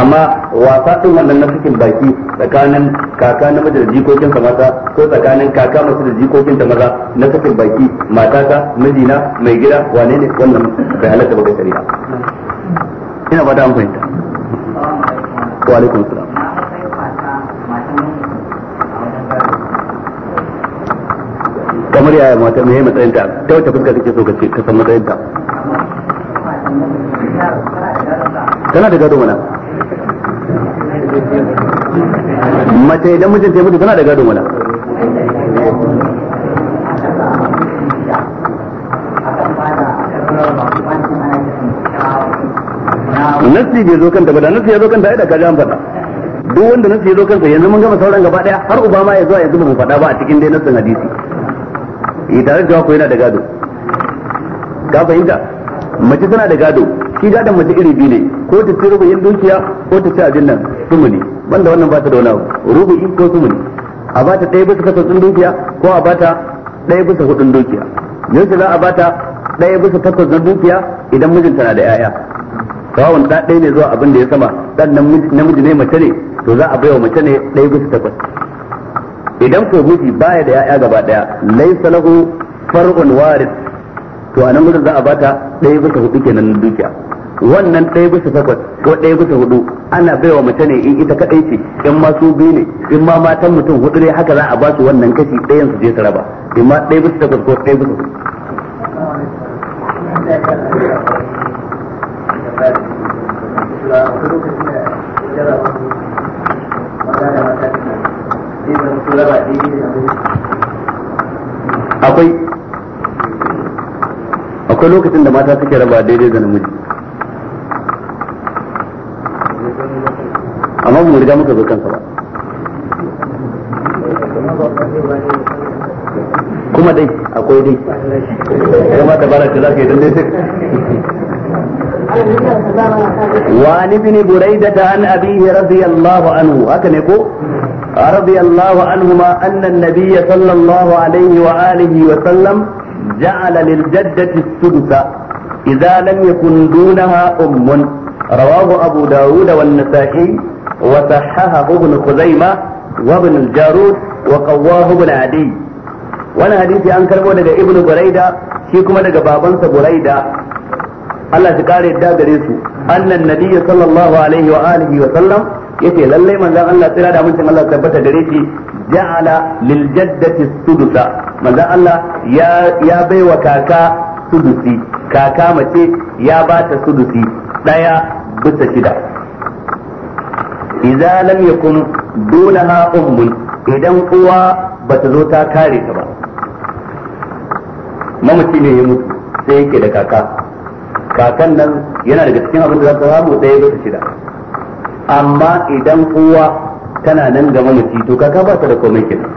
Speaker 1: amma wasa din wannan na cikin baki tsakanin kaka namiji da jikokin sa mata ko tsakanin kaka masu da jikokin ta maza na cikin baki matata mijina mai gida wane ne wannan bai halatta ba ga shari'a ina ba da an fahimta wa alaikum salam kamar yaya mata mai matsayin ta ta wace fuska kake so kace ka san matsayin ta tana da gado mana mace idan mijinta ya mutu tana da gado
Speaker 2: mana
Speaker 1: nasi bai zo kanta ba da nasi ya zo kanta ai da kaji an faɗa duk wanda nasi ya zo kansa yanzu mun gama sauran gaba daya har uba ma ya zo yanzu ba mu faɗa ba a cikin dai nasin hadisi yi eh, tare da ko yana da gado ka fahimta mace tana da gado shi gadon mace iri biyu ne ko ta ci yin dukiya ko ta ci abin nan sumuni banda wannan ba ta da wani abu rubu'i ko sumuni a bata ɗaya bisa takwas dukiya ko a bata ɗaya bisa hudun dukiya yanzu za a bata ɗaya bisa takwas na dukiya idan mijinta na da 'ya'ya kawon da ɗaya ne zuwa abin da ya sama dan namiji ne mace ne to za a wa mace ne ɗaya bisa takwas idan ko miji baya da ya'ya gaba daya laysa lahu far'un waris to anan gudun za a bata ɗaya bisa hudu kenan na dukiya wannan ɗaya bisa takwas ko ɗaya bisa hudu ana wa mace ne in ita kaɗai ce in ma su biyu ne in ma matan mutum hudu ne haka za a ba su wannan kashi ɗayan su je su raba in ma ɗaya bisa takwas ko ɗaya bisa hudu
Speaker 2: akwai
Speaker 1: akwai lokacin da mata suke raba daidai da namiji amma mu riga muka zo kansa ba
Speaker 2: kuma dai akwai dai kuma dabara ce za ka yi dan dai وعن
Speaker 1: ابن بريدة عن أبيه رضي الله عنه أكنكو رضي الله عنهما أن النبي صلى الله عليه وآله وسلم جعل للجدة السدس إذا لم يكن دونها أم رواه أبو داود والنسائي وصححه ابن خزيمة وابن الجارود وقواه ابن عدي وانا حديثي أنكر daga ابن بريدة shi kuma daga babansa Buraida Allah shi kare yadda gare su annan nabiyyi sallallahu alaihi wa alihi wa sallam yace lalle manzon Allah tsira da mutum Allah tabbata gare shi ja'ala lil jaddati sudusa manzon Allah ya ya baiwa kaka sudusi kaka mace ya ba ta sudusi daya bisa shida idza lam yakun dunaha ummun idan uwa bata zo ta kare ta ba mamaci ne ya mutu sai yake da kaka kakan nan yana daga cikin abin da za ta samu ɗaya su shida amma idan uwa tana nan gaba mace to kaka ba ta da komai kenan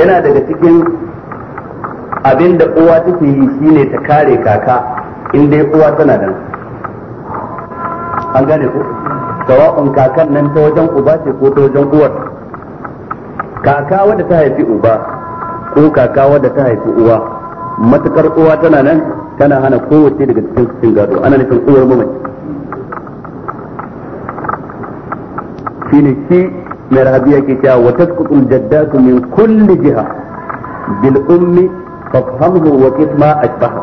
Speaker 1: yana daga cikin abin da uwa take yi shine ta kare kaka in dai uwa tana nan an gane ku. sawa'un kakan nan ta wajen uba ce ko ta wajen uwar kaka wadda ta haifi uba ko kaka wadda ta haifi uwa matukar uwa tana nan tana hana kowace daga cikin cikin gado ana nufin uwar mamaci shine shi mai rahabiya ke cewa wa tasqutul jaddatu min kulli jiha bil ummi fafhamhu wa qisma ashbaha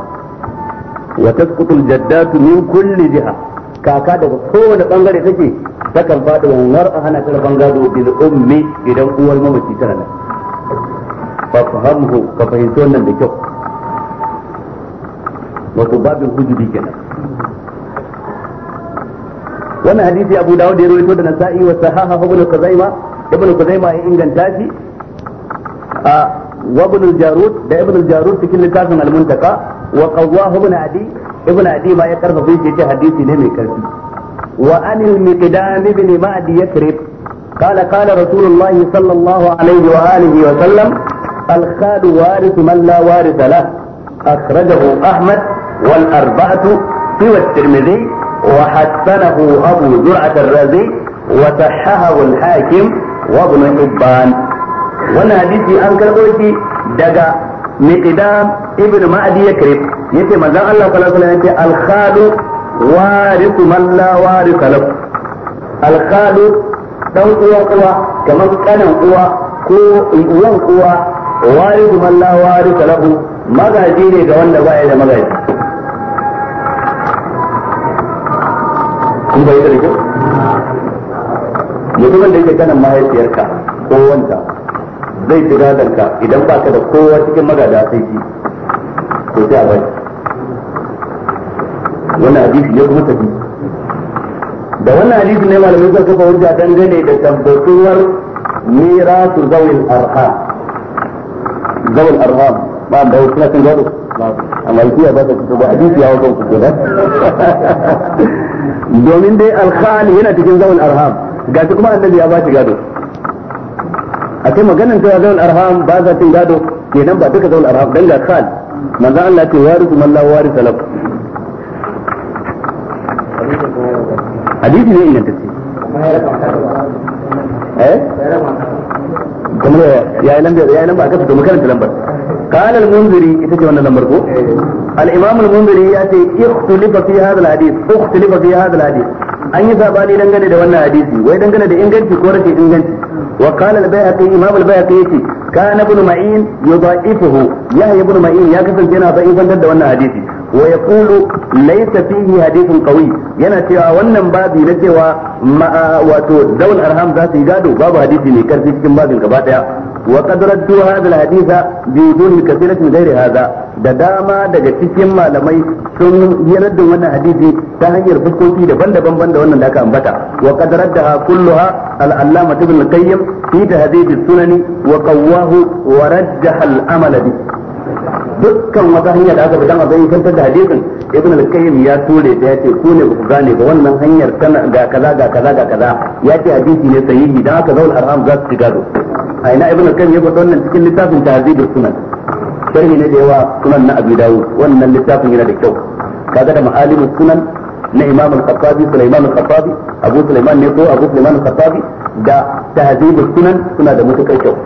Speaker 1: wa tasqutul jaddatu min kulli jiha kaka daga kowane bangare take takan faɗi wannan a hana ta bangado bil ummi idan uwar mamaci tana nan fafhamhu ka fahimci wannan da kyau wato babin hujubi kenan wannan hadisi Abu Dawud da ya rawaito da Nasa'i wa sahaha Ibn Khuzaima Ibn Khuzaima ya inganta shi a wa Ibn Jarud da Ibn Jarud cikin littafin Al-Muntaqa wa qawwahu Ibn Adi Ibn Adi ma ya karfafa shi ta hadisi ne mai karfi wa anil miqdam ibn ma'di yakrib قال قال رسول الله صلى الله عليه وآله وسلم الخال وارث من لا وارث له أخرجه أحمد والأربعة سوى الترمذي وحسنه أبو زرعة الرازي وصححه الحاكم وابن حبان وانا حديثي أنكر قلتي دقا مقدام ابن مأدي يكرب يتي مزان الله صلى الله عليه وسلم الخال وارث من لا وارث له الخال dan uwan uwa kamar kanan uwa ko uwan uwa waridu man la warisa lahu magaji ne ga wanda ba ya da magaji an bai tare ko mutumin da yake kanan mahaifiyarka ko wanda zai ci gadanka idan baka da kowa cikin magada sai ki
Speaker 2: ko sai a bai wannan hadisi ya kuma tafi
Speaker 1: da wannan hadisi ne malamin suka kafa hujja dangane da tabbatuwar mirasu zawil arham zawil arham ba da wasu na sun gado a malikiya ba ta fito ba hadisi ya wato ku da domin dai alkhali yana cikin zawul arham ga kuma annabi ya ba shi gado a kai maganin cewa zawul arham ba za cin gado ke nan ba duka zawul arham dan ga khal manzo Allah ce warisu man la warisa lahu hadisi ne inganta ce eh kuma ya yi lamba ya yi lamba aka fito mu karanta lambar قال المنذري ita ce wannan lambar ko al ya ce ikhtilafa fi hadha al-hadith ikhtilafa fi hadha al-hadith an yi sabani dangane da wannan hadisi wai dangane da inganci ko rashin inganci wa qala al-bayhaqi imam al-bayhaqi yace kana ibn ma'in yudha'ifuhu yahya ibn ma'in ya kasance yana da'ifantar da wannan hadisi wa yaqulu laysa fihi hadithun qawi yana cewa wannan babi na cewa wato daul arham za su yi gado babu hadisi ne karfi cikin babin gaba daya وقد ردوا هذا الحديث بوجوه كثيرة من غير هذا da dama daga cikin malamai sun yi raddin wannan hadisi ta hanyar fuskoki daban-daban banda wannan da aka ambata wa qad raddaha kulluha al-allama ibn al-qayyim fi tahdhib as-sunani wa qawwahu wa raddaha al bi dukkan wata hanya da aka fi dama zai kantar da hadisin ibn al-qayyim ya tore ta yace ku ne ku gane ba wannan hanyar tana ga kaza ga kaza ga kaza yace hadisi ne sahihi dan aka zaul arham za su gado a ina ibn al-qayyim ya faɗa wannan cikin littafin tahzib sunan sharhi ne da yawa sunan na abi dawud wannan littafin yana da kyau kaga da ma'alimus sunan na imam al qattabi sulaiman al qattabi abu sulaiman ne ko abu sulaiman al qattabi da tahzib sunan suna da mutukar kyau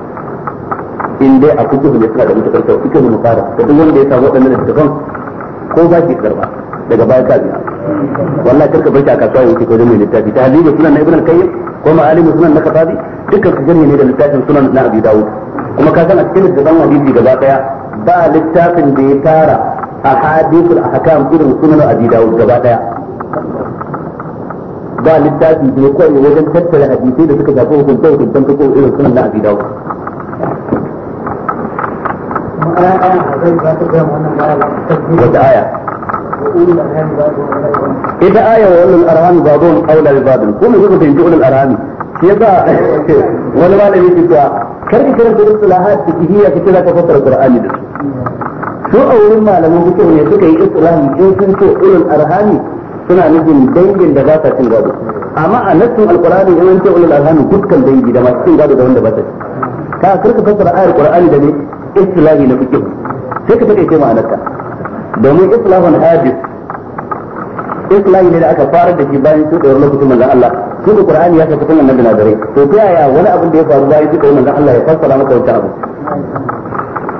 Speaker 1: in dai a kuku ne suna da mutakar kyau suke mu fara da duk wanda ya samu waɗannan littattafan ko ba ki karba daga baya ka biya wallahi karka bar shi a kasuwa yake ko da mai littafi ta halibu sunan na ibnu al-qayyim ko ma'alimu sunan na kafabi dukkan su jami'i ne da littafin sunan na abi dawud kuma ka san a cikin littattafan hadisi gaba daya ba littafin da ya tara a hadisul ahkam irin sunan abi dawud gaba daya ba littafi da ya koyi wajen tattara hadisai da suka shafi hukunce hukuncen kako irin sunan na abi dawud
Speaker 2: wata aya
Speaker 1: ita aya wa ulul arham babun aula bil ko mu kuka fahimci ulul arham shi yasa wani malami ke cewa kar ki karanta istilahat fiqhiyya kace za ka fassara qur'ani da su a wurin malaman hukum ne suka yi istilahi in sun ce ulul arhami suna nufin dangin da ba sa cin gado amma a nassin alqur'ani in an ce ulul arhami dukkan dangi da masu cin gado da wanda ba sa ka karka fassara ayar qur'ani da ne islahi na fiqh sai ka take ma'anarka domin islahun hadis islahi ne da aka fara da shi bayan su ɗaya lokacin manzon Allah shi da Qur'ani ya saka tun nan da nazari to ta yaya wani abin da ya faru bayan su ɗaya Allah ya fassara maka wata abu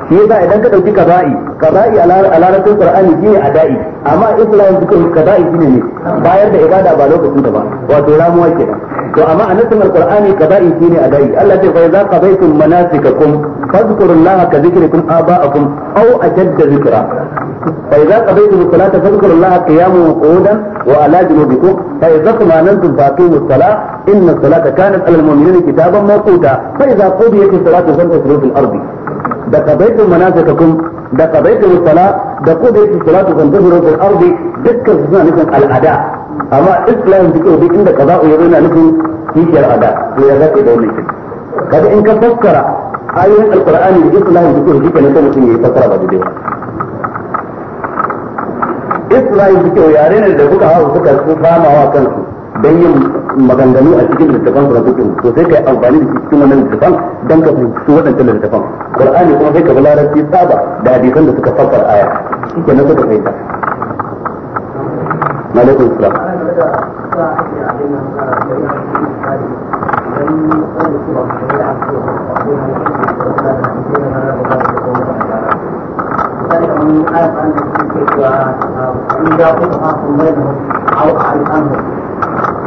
Speaker 1: shi yasa idan ka dauki kaza'i kaza'i a larabcin qur'ani shine ada'i amma islam duka kaza'i shine ne bayar da ibada ba lokacin da ba wato ramuwa kenan to amma a nassin alqur'ani kaza'i shine ada'i Allah ce fa idza qadaytum manasikakum fadhkurullaha ka dhikrikum aba'akum aw ajadda dhikra fa idza qadaytum as-salata fadhkurullaha qiyaman wa qu'udan wa ala junubikum fa idza qamantum faqimus salat inna as-salata kanat alal mu'minina kitaban mawquta fa idza qudiyat as-salatu fantashiru fil ardi da qadaytum manasikakum da qadaytum salat da qudaytum salatu kan tazuru fil ardi dukkan suna nufin al'ada amma islam duk duk inda qada'u yaro na nufin kishiyar ada to ya zaka da wannan kin kada in ka fakkara ayoyin alqur'ani da islam duk duk ne kuma kin yi fassara ba dai islam suke yare ne da kuka hawo suka su fama wa kansu don yin maganganu a cikin littafan sura fiqh to sai kai amfani da cikin wannan littafan dan ka fahimci waɗannan littafan qur'ani kuma sai ka bi larabci saba da hadisan da suka fassar aya shike na suka fahimta alaikum salam
Speaker 2: Thank you.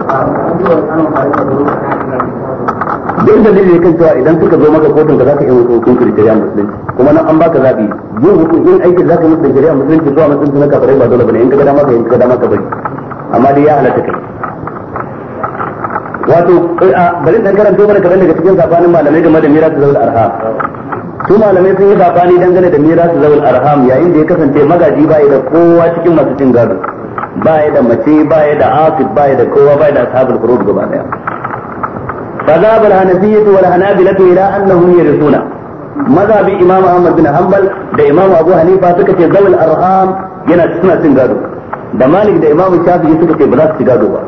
Speaker 2: duk
Speaker 1: da dalilin kan cewa idan suka zo maka kotun ka zaka yi musu hukunci shari'a musulunci kuma nan an baka zabi yin hukuncin yin aikin zaka yi da shari'a musulunci zuwa musulunci na kafirai ba dole bane in ka gada dama ka yi ka dama ka bari
Speaker 2: amma dai ya halatta
Speaker 1: kai wato eh, bari dan karanto mana kadan daga cikin sabanin malamai game da mirasu zaul arham su malamai sun yi sabani dangane da mirasu zaul arham yayin da ya kasance magaji ba ya da kowa cikin masu cin gado ba ya da mace ba ya da asif ba ya da kowa ba ya da ashabul furud gaba daya wal hanabilah ila annahum أنهم mazhabi imam ahmad bin hanbal da imam abu hanifa suka ce ذوي arham yana suna cin gado da malik da imam shafi'i suka ce ba za su ci gado ba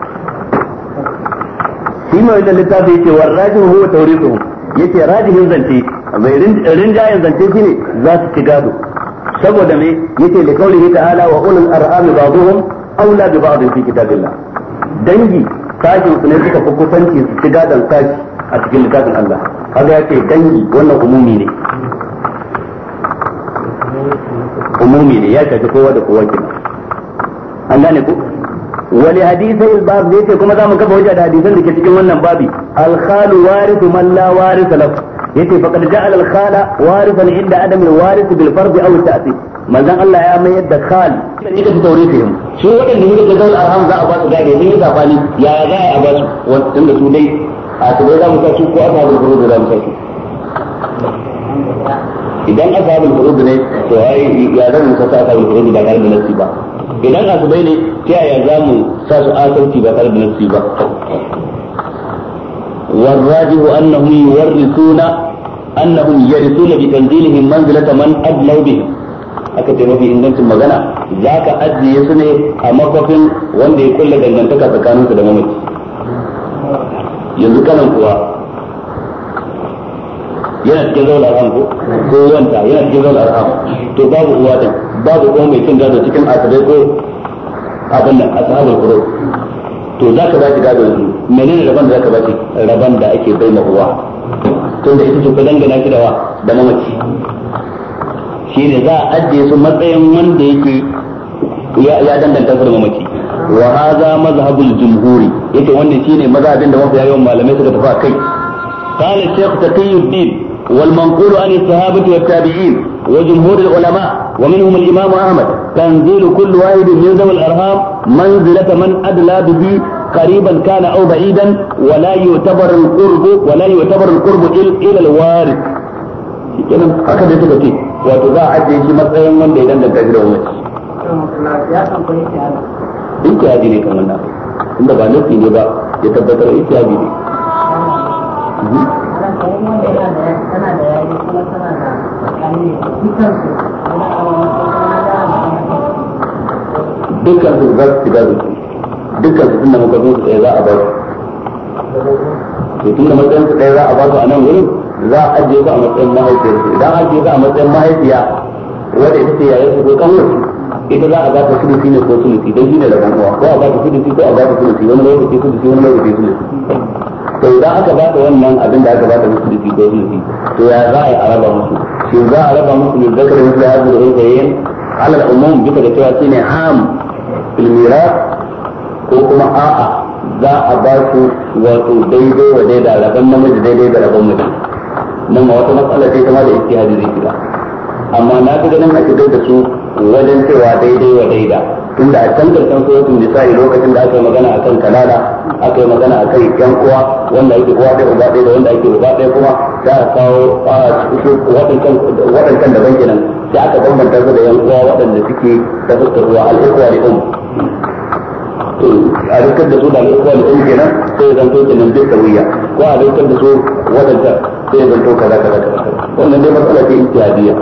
Speaker 1: shi mai da littafi yace war rajihu huwa tawrithu yace rajihin zance mai rinjayen zance shine za su ci gado saboda me yace da kaulihi ta'ala wa ulul arham ba'dhum aula bi ba'd fi kitabillah dangi sashin su ne suka fi kusanci su ci gadan sashi a cikin littafin Allah kaga ya ce dangi wannan umumi ne umumi ne ya shafi kowa da kowa kina an gane ku
Speaker 2: wali hadisai
Speaker 1: babu zai ce kuma zamu kafa hujja da hadisan da ke cikin wannan babi alkhalu warithu man la waritha lahu yace faqad ja'ala alkhala warithan inda adam alwarith bil fard aw ta'sib manzon Allah ya mayar da khal ne ka tauri ta yin shi waɗanda ne da zaul arham za a ba su gane ne ga fani ya za a ba su wannan da su dai a tabai za mu ta su ko aka da guru da mu ta su idan aka da guru ne to ai ya zan mu ta ka da da garin nasi ba idan aka bai ne ta yaya za mu sa su asarci ba tare da ba والراجح أنهم يورثون أنهم يرثون بتنزيلهم منزلة من أدلوا بهم aka ce mafi ingancin magana za ka ajiye su ne a makwafin wanda ya kulle dangantaka tsakaninsu da mamaci yanzu kanan kuwa yana cikin zaune arham ko ko wanta yana cikin zaune arham to babu uwa din babu kuma mai cin gado cikin asirai ko abin nan sahabar kuro to ka ba shi gado yanzu menene rabon da za ka shi rabon da ake bai ma uwa tunda ita ce ku dangana shi da wa da mamaci shine za a ajiye su matsayin wanda yake ya danganta su da mamaki wa hadha mazhabul jumhuri yace wannan shine mazhabin da mafiya yawan malamai suka tafi kai qala shaykh taqiyuddin wal manqulu an as-sahabati wat tabi'in wa jumhurul ulama wa minhum al imam ahmad tanzilu kullu wahid min zawil arham manzilata man adla bihi قريبا كان او بعيدا ولا يعتبر القرب ولا يعتبر القرب الى الوارث كده هكذا تبقى wato za a ajiye shi matsayin wanda idan da shi da wani ihtiyadi ne kamar wannan inda ba nufi ne ba ya tabbatar ihtiyadi ne dukkan su za su shiga su, dukkan su tunda muka su ɗaya za a ba su tunda matsayin su ɗaya za a ba su a nan wurin za a ajiye ka a matsayin mahaifiyar su idan ajiye ka a matsayin mahaifiya wadda ita ce yayin su ko kanwar ita za a ba ta sulusi ne ko sulusi don shi ne rabon uwa ko a ba ta sulusi ko a ba ta sulusi wani lokaci sulusi wani lokaci sulusi to idan aka ba ta wannan abin da aka ba ta musu sulusi ko sulusi to ya za a yi a musu shi za a raba musu ne zakarin su da ya zuwa yin zayen alal umum bisa da cewa shine ham ilmira ko kuma a'a za a ba su wato daidai wa daidai rabon namiji daidai da rabon mutum nan ma wata matsala ce kama da ijtihadi zai shiga amma na ga ganin a shigar da su wajen cewa daidai wa daida tunda a can karshen suratul misali lokacin da aka yi magana akan kalala aka yi magana akan yan uwa wanda ake uwa ɗaya uba ɗaya da wanda ake uba ɗaya kuma za a kawo waɗancan daban kenan sai aka bambanta su da yan uwa waɗanda suke da fuskar ruwa al'ukwa da um a rikar da su da al'ukwa da um kenan sai zan zanto kenan da tawiya ko a rikar da su waɗancan sai zan to kaza kaza wannan dai matsala ce ijtihadiyya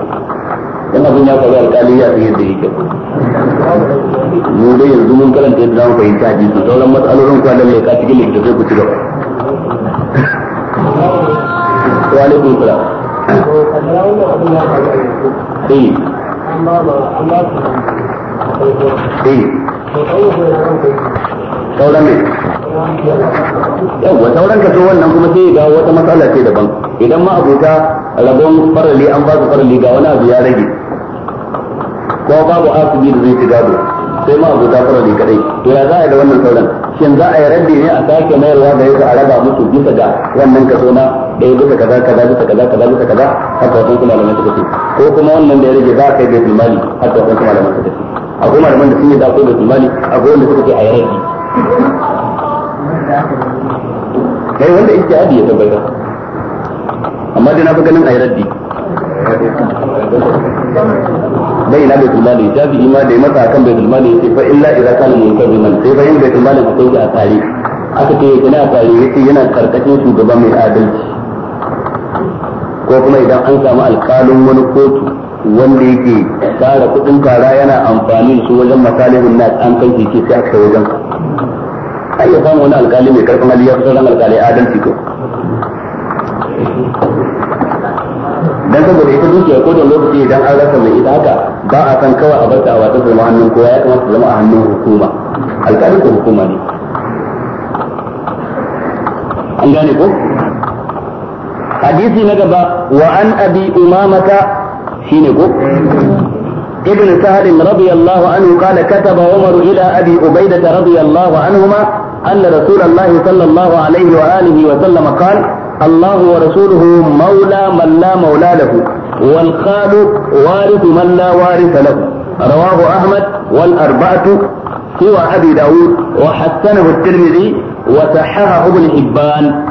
Speaker 1: in abin ya faru alƙali ya fi yadda yake mu dai yanzu mun karanta yadda zamu fahimci hadisi sauran matsalolin dan mai ka cikin littattafai ku ci gaba
Speaker 2: wa alaikum salam eh eh sauran ne yawwa sauran kaso wannan kuma sai
Speaker 1: ga wata matsala ce daban idan ma ta rabon farali an ba su farali ga wani abu ya rage ko babu asibi da zai ci gado sai ma ta farali kadai to ya za a yi da wannan sauran shin za a yi rabbi ne a sake mayarwa da yadda a raba musu bisa ga wannan kaso na ɗaya bisa kaza kaza bisa kaza kaza bisa kaza haka wasu kuma malaman suka ce ko kuma wannan da ya rage za a kai bai mali haka wasu kuma malaman suka ce akwai malaman da sun yi da akwai baitul mali akwai wanda suka ce a yi rabbi kai wanda ita abi ya tabbata amma dai na fi ganin a yi rabbi bai ina baitul mali jabi'i ma da ya masa akan baitul fa illa idza kana sai tare aka ce tare yana karkashin shugaba mai adalci ko kuma idan an samu alƙalin wani kotu wanda yake tsara kuɗin kara yana amfani su wajen masalihin nas an kanki ce sai aka wajen ai wani alƙali mai karfin hali ya fi adalci ko dan saboda ita dukiya ko da lokaci idan an rasa mai ita haka ba a san kawai a bar ta a wata zama hannun kowa ya kamata zama a hannun hukuma alƙali ko hukuma ne an gane ko hadisi na gaba wa an abi umamata shine ko ابن سهل رضي الله عنه قال كتب عمر إلى أبي عبيدة رضي الله عنهما أن رسول الله صلى الله عليه وآله وسلم قال الله ورسوله مولى من لا مولى له والخالق وارث من لا وارث له رواه أحمد والأربعة سوى أبي داود وحسنه الترمذي وصححه ابن حبان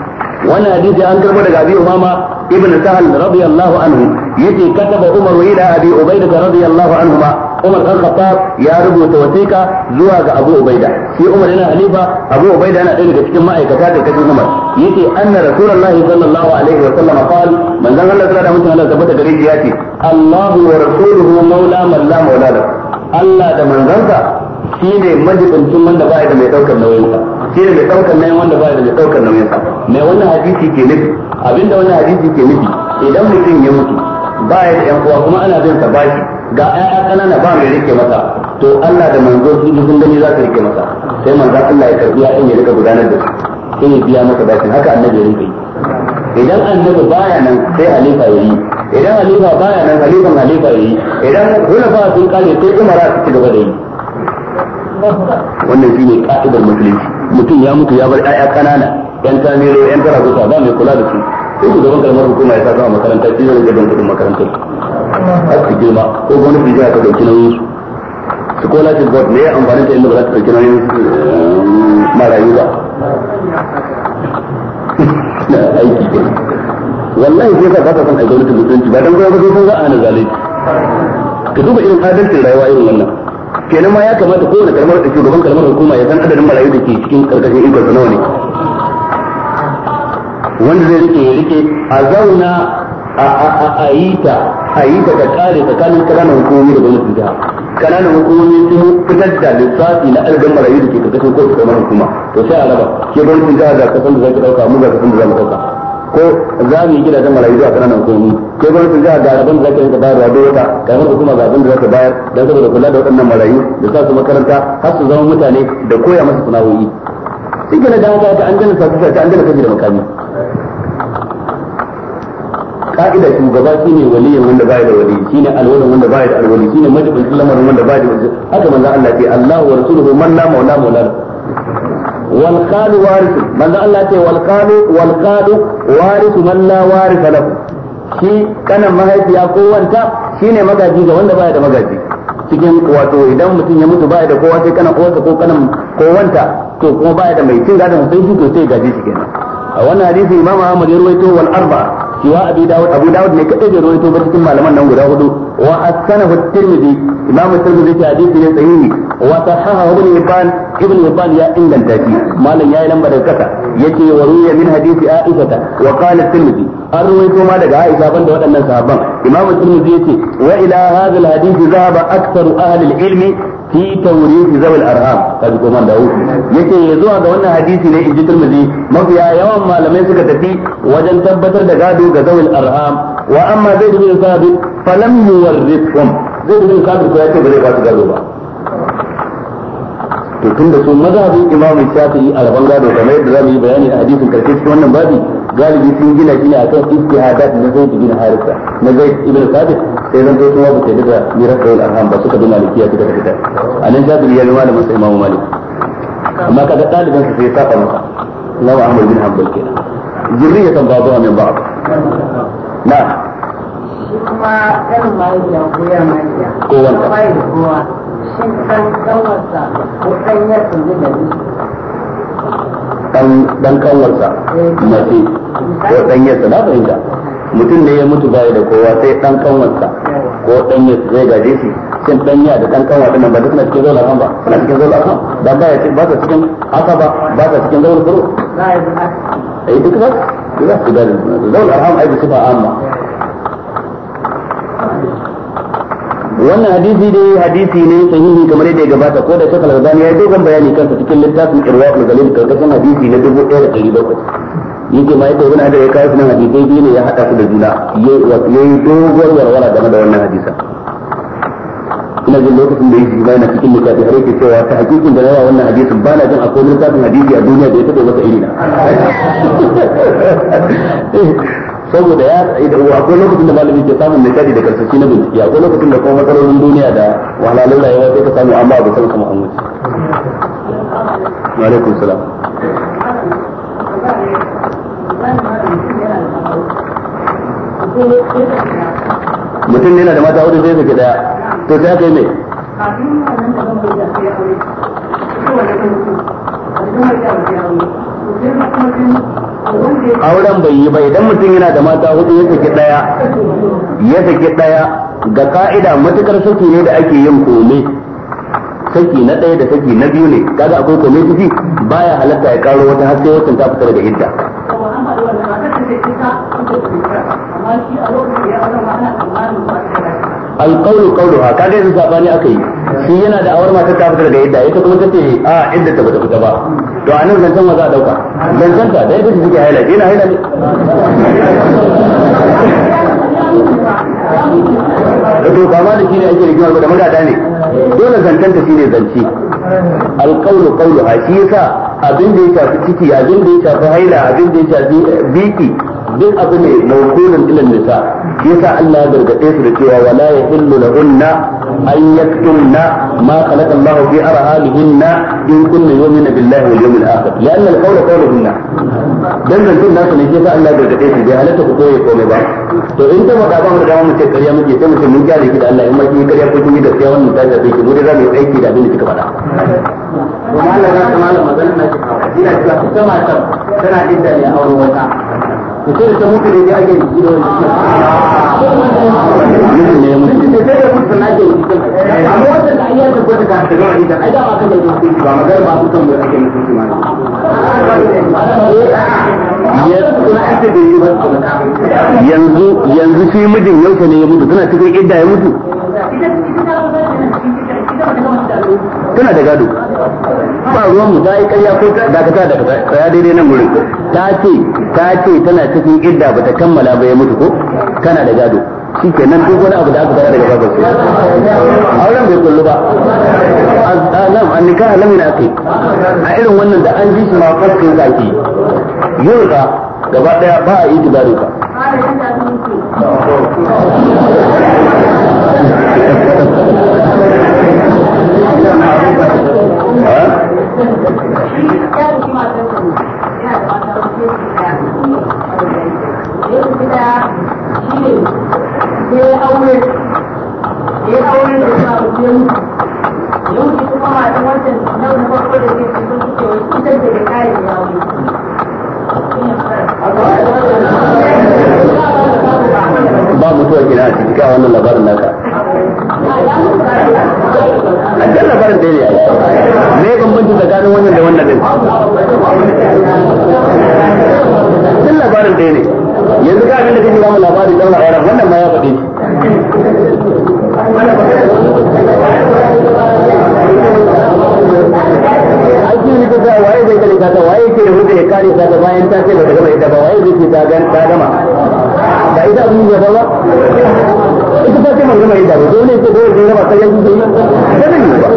Speaker 1: wannan hadisi an karbo daga Abi Umama ibn Sahal radiyallahu anhu yace kataba Umar ila Abi Ubaida radiyallahu anhu ma Umar dan Khattab ya rubuta wasiƙa zuwa ga Abu Ubaida shi Umar yana halifa Abu Ubaida yana ɗaya daga cikin ma'aikata da kafin Umar yace anna Rasulullahi sallallahu alaihi wa sallam qala manzon Allah sallallahu alaihi wa sallam tabbata gare shi yace Allahu wa rasuluhu maula man la maula Allah da manzansa shine majibincin da ba da mai daukar nauyinsa shi ne mai daukar nauyin wanda ba da mai daukar nauyin sa mai wannan hadisi ke nufi abinda wannan hadisi ke nufi idan mutum ya mutu ba ya da yan uwa kuma ana bin sa bashi ga ƴaƴa kanana ba mai rike masa to Allah da manzo su ji sun gani za su rike masa sai manzo Allah ya karbi ya ya rika gudanar da su sai ya biya masa bakin haka annabi ya rike idan annabi baya nan sai halifa yi idan halifa baya nan halifan halifa yi idan hulafa sun kare sai umara su ci gaba da yi wannan shi ne ka'idar musulunci mutum ya mutu ya bar ƴaƴa kanana yan taniro yan karagusa ba mai kula da su sai ku gaban kalmar hukuma ya sa makaranta shi zai gaban makaranta makarantar su girma ko gwamnati jiya ta dauki nauyin su scholarship board ne ya amfani ta inda ba za ta dauki nauyin eh, marayu ba aiki ke wallahi sai ka kasa son a gwamnatin mutunci ba dan gwamnati sai sun za a hana zalunci ka duba irin adalcin rayuwa irin wannan kenan ma ya kamata kowane karamar da shugaban karamar hukuma ya san adadin marayu da ke cikin karkashin ikon su nawa ne wanda zai rike ya rike a zauna a yi ta a yi ta ta kare tsakanin kananan hukumomi da gwamnatin jiha kananan hukumomi sun fitar da lissafi na adadin marayu da ke karkashin kowace kalmar hukuma to sai a raba ke gwamnatin jiha ga kasan da za ki dauka mu ga kasan da za mu dauka ko za mu yi gidajen marayu zuwa kananan komi ko ba su ga abin da zaka yanka bayarwa duk wata kamar da ga abin da zaka bayar dan saboda kula da waɗannan marayu da sa su makaranta har su zama mutane da koya masu sana'o'i shi ke na dan ta an gane sakuka ta an gane kaji da makami ka'ida shugaba shine waliyin wanda baya da wali shine alwalin wanda baya da alwali shine majibin lamarin wanda baya da majibin haka manzo Allah ya ce Allah wa rasuluhu man la maula maula wal qalu warithu manzo Allah ce wal qalu wal qalu warithu man la shi kanan mahaifiya ko wanta shine magaji ga wanda baya da magaji cikin wato idan mutum ya mutu baya da kowa sai kanan kowa ko kanan ko to kuma baya da mai cin gadon sai shi to sai gaji shi kenan a wannan hadisi imamu Ahmad ya ruwaito wal arba'a wa abi dawud abu dawud ne kadai da rawaito ba cikin malaman nan guda hudu wa asanahu tirmidhi imam tirmidhi ta hadisi ne sahihi wa sahaha ibn hibban ibn hibban ya inganta shi malam yayi lamba da kasa yace wa ruya min hadisi aisha wa qala tirmidhi an rawaito ma daga aisha da waɗannan sahabban imam tirmidhi yace wa ila hadha al hadisi dhahaba aktharu ahli al ilmi fi tawrith zawil arham ka ji kuma dawo yake zuwa ga wannan hadisi ne inji turmizi mafiya yawan malamai suka tafi wajen tabbatar da gado ga zawil arham wa amma zai bin sabit falam yuwarrithum zai bin sabit ko yace ba zai ba su gado ba to tun da su mazhabin imamu shafi'i a rabon gado kamar yadda zamu yi bayani a hadisin karshe cikin wannan babi galibi sun gina shi ne akan istihadat na zaid gina harisa na zaid ibn sabit sai zan zai kuma ba kai da mirasul arham ba suka bi malikiya suka fita nan jabiri ya zama da masa imamu malik amma kaga ɗaliban su sai saba maka lawa ahmad bin hanbal kenan jirgin ya kan babu amin ba
Speaker 2: na kuma kan ma ya koya ma ya kowa dan
Speaker 1: kanwarsa eh, mace ko dan yarsa na fahimta eh. mutum da ya mutu baya da kowa sai dan kanwarsa ko dan yarsa zai gaje shi sai dan ya da dan kanwa din ba duk na cikin zaula kan ba suna cikin zaula kan ba ba ya ce ba ta cikin haka ba ba ta cikin zaula kuro
Speaker 2: eh duk ba duk ba su da zaula kan ai bi sifa amma eh.
Speaker 1: wannan hadisi dai hadisi ne sahihi kamar yadda ya gabata ko da shi kalbani ya dogon bayani kansa cikin littafin Irwaul Galil karkashin hadisi na 1700 yake ma yadda wani hadisi ya kawo sunan hadisai biyu ne ya hada su da juna yayi dogon warwara game da wannan hadisa ina jin lokacin da yake bayana cikin littafi har yake cewa ta hakikin da yawa wannan hadisi ba na jin akwai littafin hadisi a duniya da ya taɓa masa irina saboda ya akwai lokacin da malami ke samun kadi da karsashi na bincike akwai lokacin da kuma matsalolin duniya da wahalalun rayuwa sai ka samu amma ba san kamar an wuce malaikun salam
Speaker 2: mutum ne yana da mata wajen sai sake daya to sai aka yi mai Thank you. auren bai yi ba idan mutum yana da
Speaker 1: mata hudu ya saki daya ya saki daya ga ka'ida matukar saki ne da ake yin kome saki na daya da saki na biyu ne kaga akwai kome ciki baya halatta ya karo wata haske sai wata ta fitar da idda alƙawlu ƙawluha kaga yanzu sabani aka yi shi yana da awar matar ta da daga yadda ita kuma ce a inda ta bata fita ba to a nan zancen maza a dauka zancen ta dai duk suke haila yana haila ne to kama ma da shi ne ake rigimar ba da magada ne dole zancen ta shine zance alqawlu qawlu ha shi yasa abin da ya shafi ciki abin da ya shafi haila abin da ya shafi biki duk abu ne mawkulun ilal nisa yasa Allah ya gargaɗe su da cewa wala yahillu lahunna an yaktumna ma khalaqa Allah fi arhalihinna in kunna yu'minu billahi wal yawmil akhir lianna al-qawla qawluhunna dan nan din nasu ne yasa Allah ya gargade su bai halatta ku koyi komai ba
Speaker 2: to in ta maka ba mu
Speaker 1: da mu ce kariya muke sai mutum mun gyara ki da Allah in ma kin kariya ko kin yi gaskiya wannan ta shafe ki mu da zamu aiki da abin da kika faɗa kuma Allah ya kamala
Speaker 2: magana na ki
Speaker 1: ina cewa ita matan tana idda ne a wurin wata Ah. mutum da ta mutu ne ake yi da wani
Speaker 2: yanzu yanzu shi mijin yau ne ya mutu tana cikin idda ya mutu tana da gado ba ruwan mu ta yi karya ko
Speaker 1: dakata da kaya daidai nan gurin ta ce ta ce tana cikin idda bata kammala ba ya mutu ko tana da gado shi ke nan duk wani abu da aka fara daga babar su auren bai kullu ba nan an nika halami na a irin wannan da an ji shi ma faskin zaki yau ka gaba daya ba a yi dubari ka
Speaker 2: Thank you. ya aure da ya aure ya mutu kuma wancan na farko da ke fito suke wai ya aure ba gina a cikin kawo wannan labarin naka
Speaker 1: a jan labarin da ya yi ne bambanci tsakanin wannan da wannan din jan labarin da ne yanzu ka abin da kake ba mu wannan ma ya faɗi
Speaker 2: ta
Speaker 1: waye ke rufe ya kare ta ta bayan ta ce ba ta gama ita ba waye zai ta gan ta gama ba ita abin da ba ita ta ce ba gama ita ba dole ce dole ne ba sai yanzu da yi ba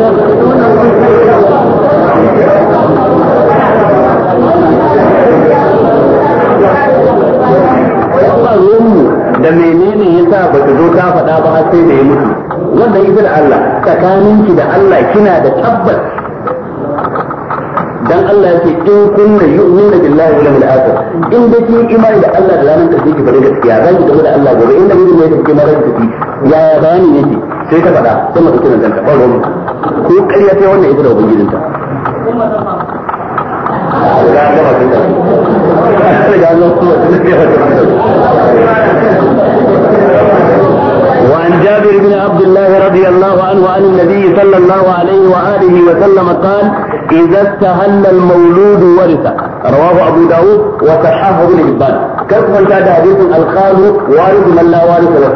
Speaker 1: da menene yasa ba ta zo ta faɗa ba har sai da ya mutu wanda ibn Allah tsakaninki da Allah kina da tabbas dan Allah yake in kunna yu'minu billahi wal yawmil akhir in da kin imani da Allah da ranar karshe ki bari gaskiya zan ki da Allah gobe inda mijin ne take mara ki ya bayani yake sai ta faɗa sai mu dauki nan ta ko ƙarya sai wannan ibn ubangijinta وعن جابر بن عبد الله رضي الله عنه عن النبي صلى الله عليه وآله وسلم قال إذا استهل المولود ورث رواه أبو داود وصححه ابن حبان كيف من كان حديث الخال وارث من لا وارث له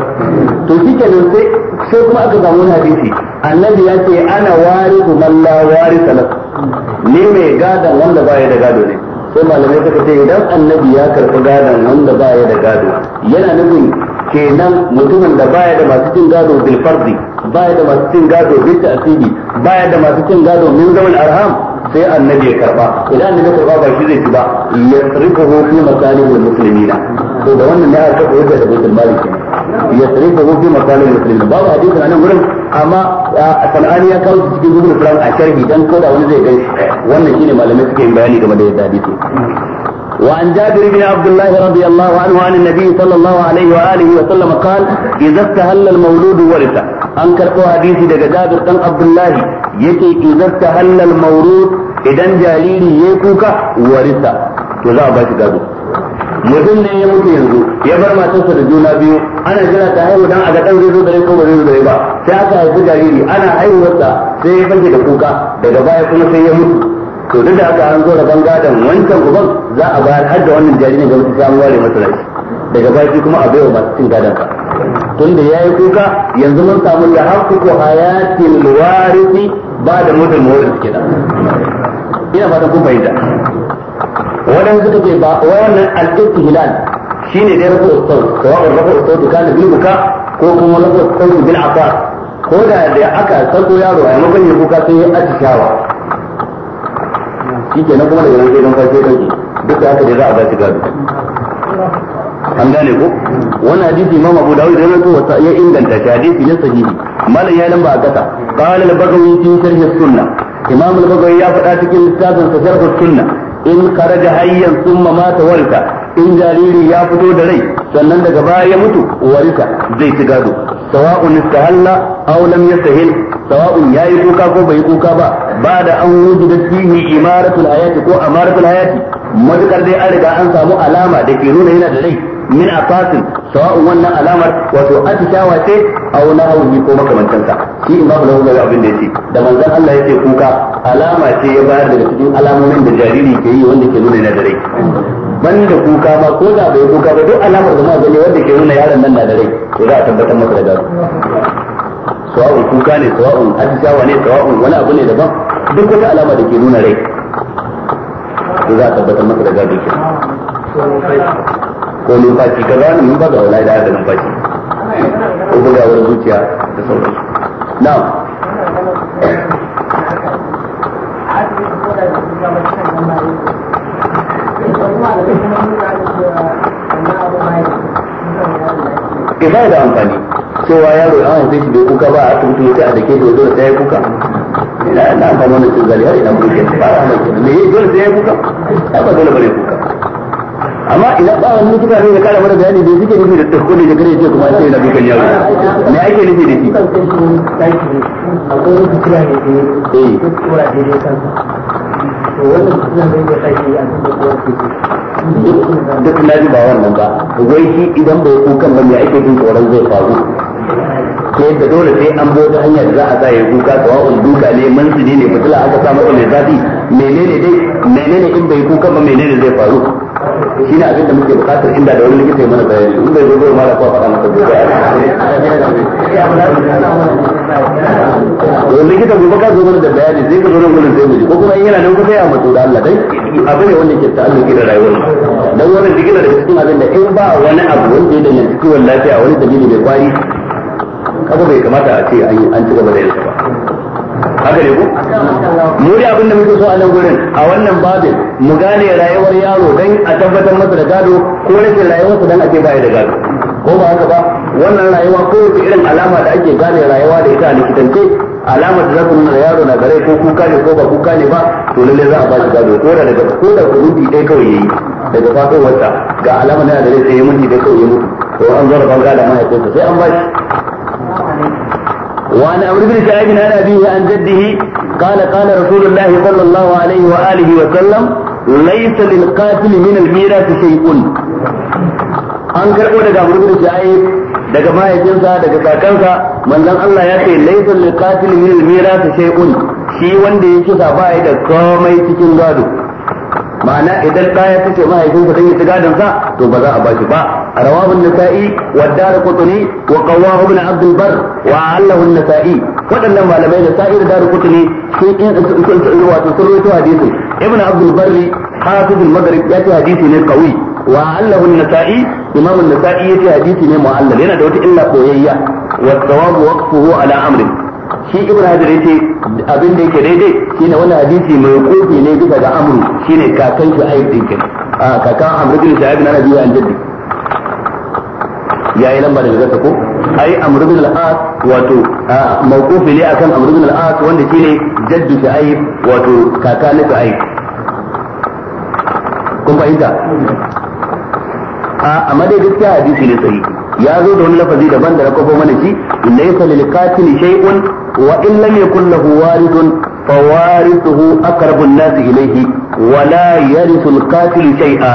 Speaker 1: to shi شوف ما sai حديثي الذي يأتي أنا وارث من لا وارث له ni mai gadon wanda ba ya da gado ne sai malamai suka ce idan annabi ya karɓi gadon wanda ba ya da gado yana nufin kenan mutumin da baya da masu cin gado bil fardi baya da masu cin gado bil ba baya da masu cin gado min zawil arham sai annabi ya karba idan annabi ya karba ba shi zai ci ba yasrifuhu fi musulmi muslimina to da wannan ne aka kafa yadda da baitul malikin. yasrifuhu makanin yasrifuhu babu hadisin anan wurin amma sanani ya kawo cikin gudun fulan a sharhi dan koda wani zai gan wannan ne malamai suke yin bayani game da yadda hadisi وعن جابر بن عبد الله رضي الله عنه عن النبي صلى الله عليه وآله وسلم قال إذا استهل المولود ورث أنكر كرقوا حديثي دقى جابر بن عبد الله يتي إذا استهل المولود إذا جاليلي يكوك ورث وذا باشي جابر mutum ne ya mutu yanzu ya bar matarsa da juna biyu ana jira ta haihu dan a ga dan zai zo rai ko ba zai zo rai ba sai aka haifi jariri ana haihuwarsa sai ya fanke da kuka daga baya kuma sai ya mutu to duk da aka an zo da bangadan wancan uban za a bayar har da wannan jaririn da mutum samu ware masa rai daga baya shi kuma a baiwa masu cin gadon ka tunda yi kuka yanzu mun samu da hakku hayatil warisi ba da mutum mawlid kenan ina fatan kun fahimta wannan suka ce ba wannan al hilal shine da ko usau sawa'un rafu usau kana bi buka ko kuma ko usau bil asar ko da da aka sako yaro a maimakon ya kuka sai ya atishawa shi na kuma da nan sai don fashe kanki duk da haka dai za a ba shi gado an gane ko wannan hadisi imam abu dawud da rawaito wata ya inganta shi hadisi ne sahihi malam ya lamba a kasa qala al-bagawi fi sharh as-sunnah imam al-bagawi ya fada cikin littafin sa sharh as-sunnah in kharaja hayyan sun mata warka, in jariri ya fito da rai sannan daga baya ya mutu warika zai ci gado sawa'un istahalla aw lam yastahil sawa'un yayi kuka ko bai kuka ba ba da an da fihi imaratul hayati ko amaratul hayati madukar dai an riga an samu alama da ke nuna yana da rai min afasin sawa'un wannan alamar wato atishawa ce aw nahawi ko makamantan shi in babu nawawi abin da yace da manzon Allah yace kuka alama ce ya bayar daga cikin alamomin da jariri ke yi wanda ke nuna yana da rai banda kuka ma ko da bai kuka ba duk alamar da ma gani wanda ke nuna yaron nan na da rai to za a tabbatar masa da gado sawa'un kuka ne sawa'un atishawa ne sawa'un wani abu ne daban duk wata alama da ke nuna rai to za a tabbatar masa da gado ko numfashi ka zama mun ba ga wala da hada numfashi ko ga wani zuciya da sauransu na'am ke eh, ba da amfani cewa yaro an haife shi bai kuka ba a asibiti sai a dake shi dole sai ya kuka ina ina amfani wani cin zali har ina kuka ba a mai me dole sai ya kuka ba dole bane
Speaker 2: kuka amma
Speaker 1: idan ba wani mutuka ne da kare mana bayani da yake nufi da tsakko
Speaker 2: ne da gare ce kuma sai na bi kan yawo me ake nufi da shi akwai wani kira ne da ya tura da ya kansa to wannan kira ne ya sake a cikin
Speaker 1: kowace duk na ba wannan ba wai shi idan bai kukan ba me ake jin tsoron zai faru sai da dole sai an bi wata hanyar za a sa ya kuka sawa'un duka ne mun su ne fitila aka sa masa mai zafi menene dai menene in bai kukan ba menene zai faru shi ne abin da muke bukatar inda da wani likita ya mana bayani inda bai zo bai mara kuwa faɗa masa gobe to likita gobe ka zo mana da bayani sai ka zo nan gurin sai mu ji ko kuma in yana nan kusa ya mutu da Allah dai abin ne wanda ke ta'alluki da rayuwar dan wannan digila da cikin abin da in ba wani abu wanda ya danganci kiwon lafiya wani dalili mai kwari kaba bai kamata a ce an ci gaba da yin ba haka ne ko mu da abin da muke so a nan gurin a wannan babin mu gane rayuwar yaro dan a tabbatar masa da gado ko rayuwar rayuwarsa dan a bai da gado
Speaker 2: ko ba haka ba wannan rayuwa ko irin alama da ake gane rayuwa da ita a likitance alama
Speaker 1: da za ku nuna yaro na gare ko kuka ne ko ba kuka ne ba to lalle za a ba shi gado ko da daga ko da ku minti ɗaya kawai yayi daga wata ga alama na da sai ya mutu dai kawai ya mutu ko an zara banga da mahaifinsa sai an ba
Speaker 2: shi
Speaker 1: وعن عمرو بن شعيب عن أبيه عن جده قال قال رسول الله صلى الله عليه وآله وسلم ليس للقاتل من الميراث شيء an karɓo daga murmurin sha'ib daga mahaifinsa daga kakansa manzon Allah ya ce laisa lil min al mirath shay'un shi wanda ya kisa ba da komai cikin gado ma'ana idan ɗaya sace kace mahaifinsa dan yi ci sa to ba za a bashi ba rawahu an-nasa'i wa darqutni wa qawahu ibn abd bar wa allahu nasai waɗannan malamai da sa'ir kutuni sun sun wato sun rawaito hadisin ibn abd al-bar hafiz ya ce hadisi ne qawi wa allahu nasai imam nasai ya ce hadisi ne mu'allal yana da wata illa boyayya wa thawabu waqfuhu ala amrin shi ibn hajar yace abin da yake daidai shine wannan hadisi mai kofi ne bisa ga amru shine kakan shi ayyub din kin a kakan amru bin sha'ib na nabi an jaddi yayi lamba da zaka ko ai amru bin al-as wato mawqufi ne akan amru bin al-as wanda shine jaddu sha'ib wato kaka na sha'ib kun fahimta a amma dai gaskiya hadisi ne sahihi ya zo da wani lafazi daban da na kofo mana shi laysa lil qatil shay'un wa in lam yakul lahu warithun fa warithuhu aqrabu an-nas ilayhi wa la yarithu al-qatil shay'a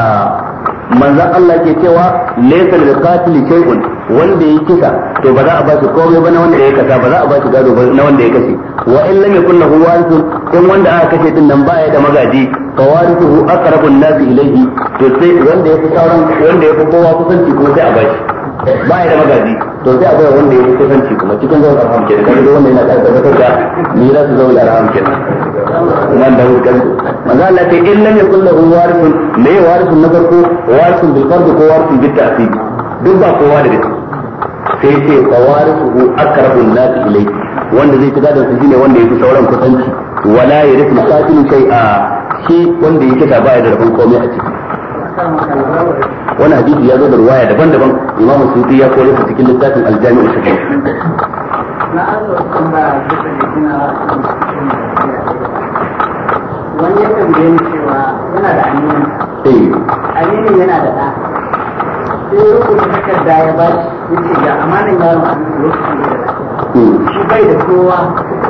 Speaker 1: manzan Allah ke cewa laysa lil qatil shay'un wanda ya kisa to ba za a ba shi komai ba na wanda ya kasa ba za a ba shi gado ba na wanda ya kashe wa in lam yakul lahu warithun in wanda aka kashe din nan baya da magaji fa warithuhu aqrabu an-nas ilayhi to sai wanda ya fi sauran wanda ya fi kowa kusanci ko sai a ba shi ba ya da magaji to sai a zai wanda ya fi kusanci kuma cikin zaun arham kenan kaga dai wanda yana da tabbatar da ni za su zaun arham kenan nan da wurin kanku manzo Allah sai in lam yakul lahu warithun ne warithun na farko warithun bil fard ko warithun bil ta'sib duk ba kowa da dukkan sai ce fawarisuhu aqrabu an-nas ilayhi wanda zai fi shi ne wanda ya fi sauran kusanci wala yarith masakin shay'a shi wanda yake ba ya da rabon komai a ciki wani hadisi ya zo da ruwaya daban-daban imamu sufi ya kore su cikin littafin aljami'a aljami'u shafi
Speaker 2: wani ya tambaye ni cewa yana da aminin eh. aminin yana da ɗa sai ya rubuta takarda ya ba shi ya ce ga amanin yaron aminin lokacin da ya hmm. shi bai da kowa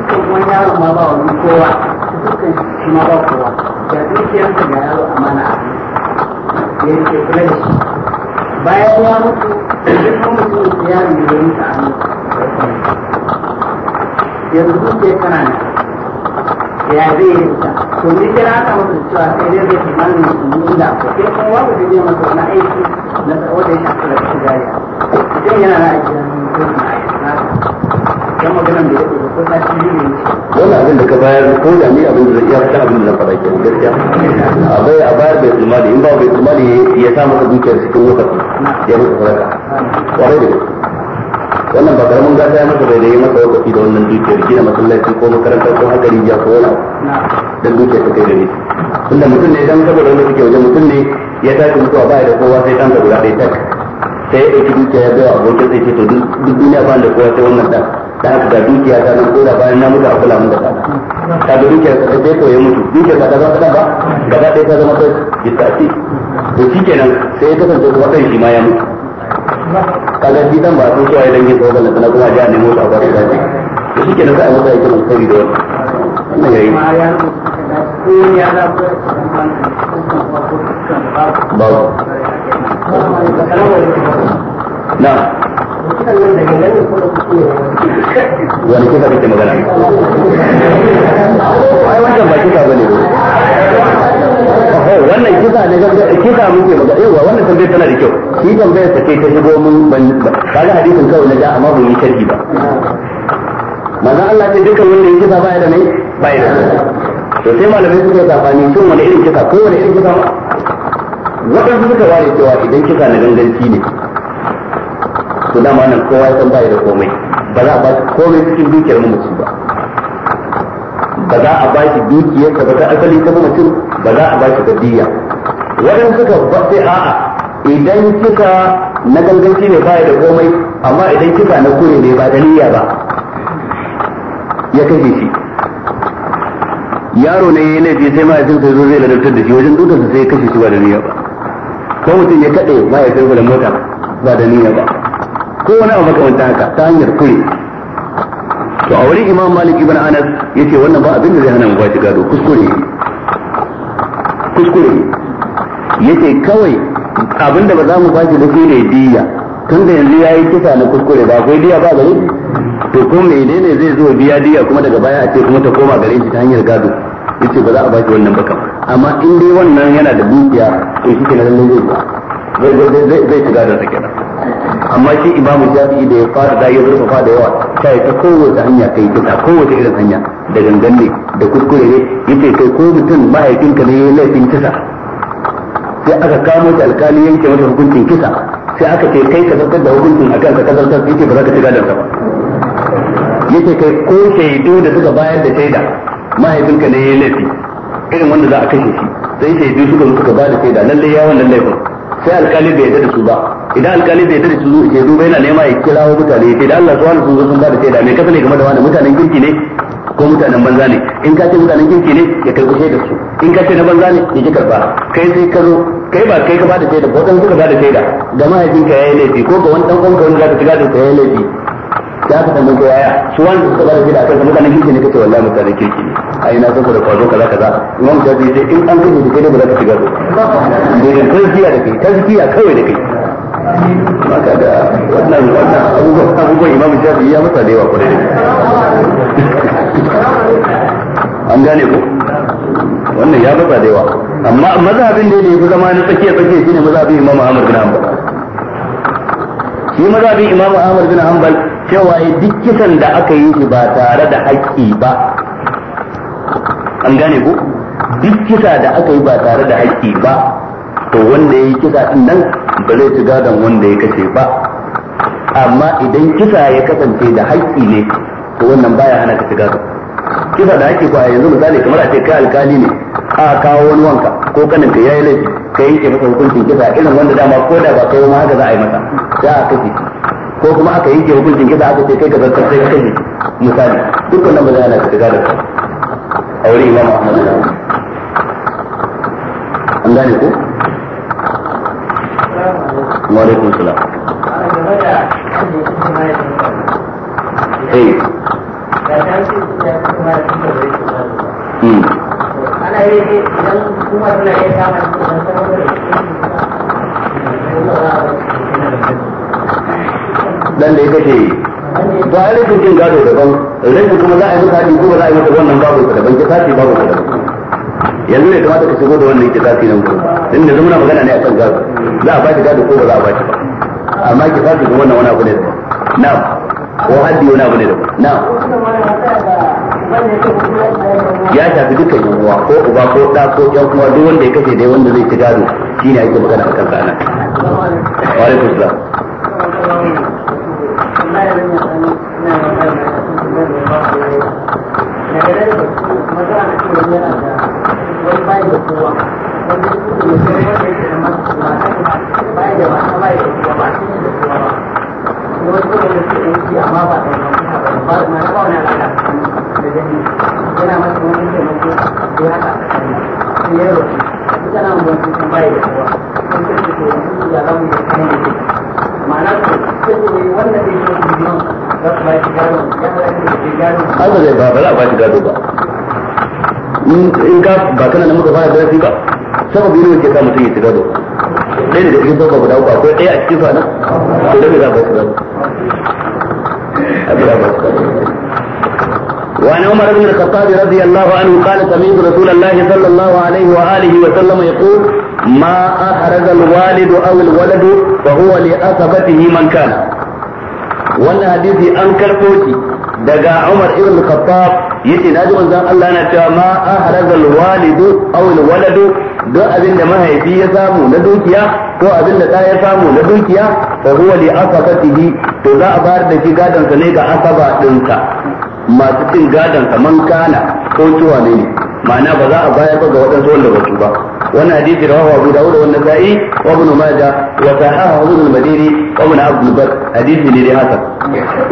Speaker 2: dukkan wani yaron ma ba wani kowa dukkan shi ma ba kowa ga dukiyarsa ga yaro amana a ya ce kula da shi bayan ya mutu duk mutum ya rubuta ta a yanzu zuciya tana nan ya zai yi ta to ni kira aka masa cewa sai dai zai fi malin musulmi da ko sai kuma wanda zai je masa aiki na wanda ya shafi da shi jariya idan yana na aiki na aiki na wani
Speaker 1: abin da ka bayar ko da ni abin da zai iya fitar abin da zan faɗa kenan gaskiya a bai a bayar bai tsammani in ba bai tsammani ya sa masa dukiyar cikin lokaci ya masa sadaka kwarai da gaske wannan ba karamin gata ya masa bai da yi masa lokaci da wannan dukiyar gina masallaci ko makarantar ko haka rijiya ko wani dan dukiyar ka kai da ni. tunda mutum ne dan saboda wani suke wajen mutum ne ya tashi mutuwa ba da kowa sai ɗansa guda ɗaya tak sai ya ɗauki dukiya ya bai wa abokin sai ce to duk duniya ba da kowa sai wannan ɗan da haka ga dukiya ta nan kora bayan na mutu a kula mun da ta ta ga dukiya ta sai to ya mutu dukiya ta zama kadan ba gaba ɗaya ta zama kai bisati to shikenan sai ya kasance kuma kai shi ma ya mutu kaga shi dan ba sun so ai dangin tsohon da kuma ji a nemo ta ba da shi to shikenan sai a masa aikin alkhairi
Speaker 2: da wannan wannan yayi babu na wani kika kake magana ai wannan ba bane wannan kisa ne kisa
Speaker 1: muke magana yawa wannan tambayar tana da kyau shi tambayar ta shigo mun ban hadisin kawai na da amma ban yi sharhi ba manzon Allah ce dukkan wanda ya kisa ba ya da mai ba ya to sai malamai suka wani irin kisa ko wani irin kisa waɗansu suka ware cewa idan kisa na ganganci ne to dama nan kowa ya san bai da komai ba za a ba komai cikin dukiyar mutum ba ba za a ba shi dukiyar ka ba ta asali ta mutum ba za a ba shi gadiya waɗansu suka ba sai a'a idan kika na ganganci ne baya da komai amma idan kika na kure ne ba da niyya ba ya kashe shi yaro ne ya laifi sai mahaifinsa ya zo zai ladar da shi wajen dukansa sai ya kashe shi ba da niyya ba ko mutum ya kaɗe mahaifinsa da mota ba da niyya ba ko wani abu makamanta haka ta hanyar kure to a wurin imam malik ibn anas yace wannan ba abin da zai hana mu bashi gado kuskure kuskure yace kawai abin da ba za mu bashi da shi ne diya tun da yanzu yayi kisa na kuskure ba akwai diya ba gare to ko menene zai zo biya diya kuma daga baya a ce kuma ta koma gare shi ta hanyar gado yace ba za a bashi wannan ba amma in dai wannan yana da dukiya to shi ke nan zai zai zai zai shiga da amma shi imamu shafi'i da ya fara da ya zurfafa da yawa yi ta kowace hanya kai duka kowace irin hanya da gangan ne da kuskure ne yace kai ko mutum mahaifinka ne yayin laifin kisa sai aka kamo shi alkali yanke masa hukuncin kisa sai aka ce kai ka zartar da hukuncin akan ka zartar yace ba za ka ci gadon ba yace kai ko shaidu da suka bayar da shaida mahaifinka ne yayin laifi irin wanda za a kashe shi sai shaidu suka suka ba da shaida lalle ya wannan laifin sai alkali bai yadda da su ba idan alkali bai yadda da su ke duba yana nema ya wa mutane ya ce da Allah subhanahu sun zo sun ba da shaida me kasa ne game da wani mutanen kirki ne ko mutanen banza ne in ka ce mutanen kirki ne ya karbi shaida su in ka ce na banza ne ya ki karba kai sai ka zo kai ba kai ka ba da shaida ko dan suka ba da shaida da mahaifinka yi laifi ko ga wani dan uwanka wanda zaka shiga da yi laifi da aka tambaye ko yaya su wani suka bada shi da akan mutanen kirki ne kace wallahi mutanen kirki ne ai na san ka da kwazo kaza kaza imam shafi sai in an kashe shi kai ne ba za ka shiga ba da tarkiya da kai kai tarkiya kawai da kai maka da wannan wannan abubuwan abubuwan imam shafi ya masa da yawa kwarai an gane ko wannan ya masa da yawa amma mazhabin da ya fi zama na tsakiya tsakiya shine mazhabin imam Ahmad bin Hanbal shi mazhabin imam Ahmad bin Hanbal cewa duk kisan da aka yi shi ba tare da haƙƙi ba an gane ku duk kisa da aka yi ba tare da haƙƙi ba to wanda ya yi kisa ɗin nan ba zai ci gadon wanda ya kashe ba amma idan kisa ya kasance da haƙƙi ne to wannan baya hana ka ci gadon kisa da haƙƙi ba yanzu misali kamar a ce kai alkali ne a kawo wani wanka ko kanin ka yayi laifi ka yanke masa hukuncin kisa irin wanda dama ko da ba kai ma haka za a yi masa za a kashe ko kuma aka yanke hukuncin kisa aka ce kai ka zartar sai kai misali dukkan nan ba da a imam ahmad an gane ko wa alaikum salam
Speaker 2: hey hmm. ana yi
Speaker 1: dan da ya kashe ba a rikin jin gado daban rikin kuma za a yi mutane ko ba za a yi masa wannan babu ka daban kisasi babu ka daban yanzu ne kamata ka shigo da wannan kisasi nan ko
Speaker 2: din da muna magana ne kan gado
Speaker 1: za a baki gado ko ba za a baki amma kisasi ga wannan wani abu ne daban na'am ko haddi wani abu ne daban
Speaker 2: na ya shafi
Speaker 1: dukkan yawa ko uba ko da ko yan kuma duk wanda ya kashe dai wanda zai ci gado shine ake magana a kan nan wa
Speaker 2: alaikum da yana Thank you. Allah zai ba ba za a ba shi gado ba in ka ba kana da muka fara darasi ba sababi ne
Speaker 1: ke sa mutum ya ci gado ɗaya daga cikin sababa guda uku akwai ɗaya a cikin sa nan to da za a ba gado a ba gado وعن عمر بن الخطاب رضي الله عنه قال سمعت رسول الله صلى الله عليه وآله وسلم يقول ما أحرز الوالد أو الولد فهو لأصبته من كان wannan hadisi an karɓo shi daga Umar ibn Khattab yace naji manzon Allah yana cewa ma ahraza alwalidu aw alwaladu duk abin da mahaifi ya samu na dukiya ko abin da ɗa ya samu na dukiya fa huwa li asabatihi to za a bayar da shi gadon sa ne ga asaba ɗinka. masu cin gadon kaman kana ko tuwa ne ma'ana ba za a bayar ba ga waɗansu wanda ba su ba wannan hadisi rawahu abu dawud wa nasa'i wa ibn majah wa sahahahu ibn al-madini wa ibn abd al-bar hadisi ne dai hasan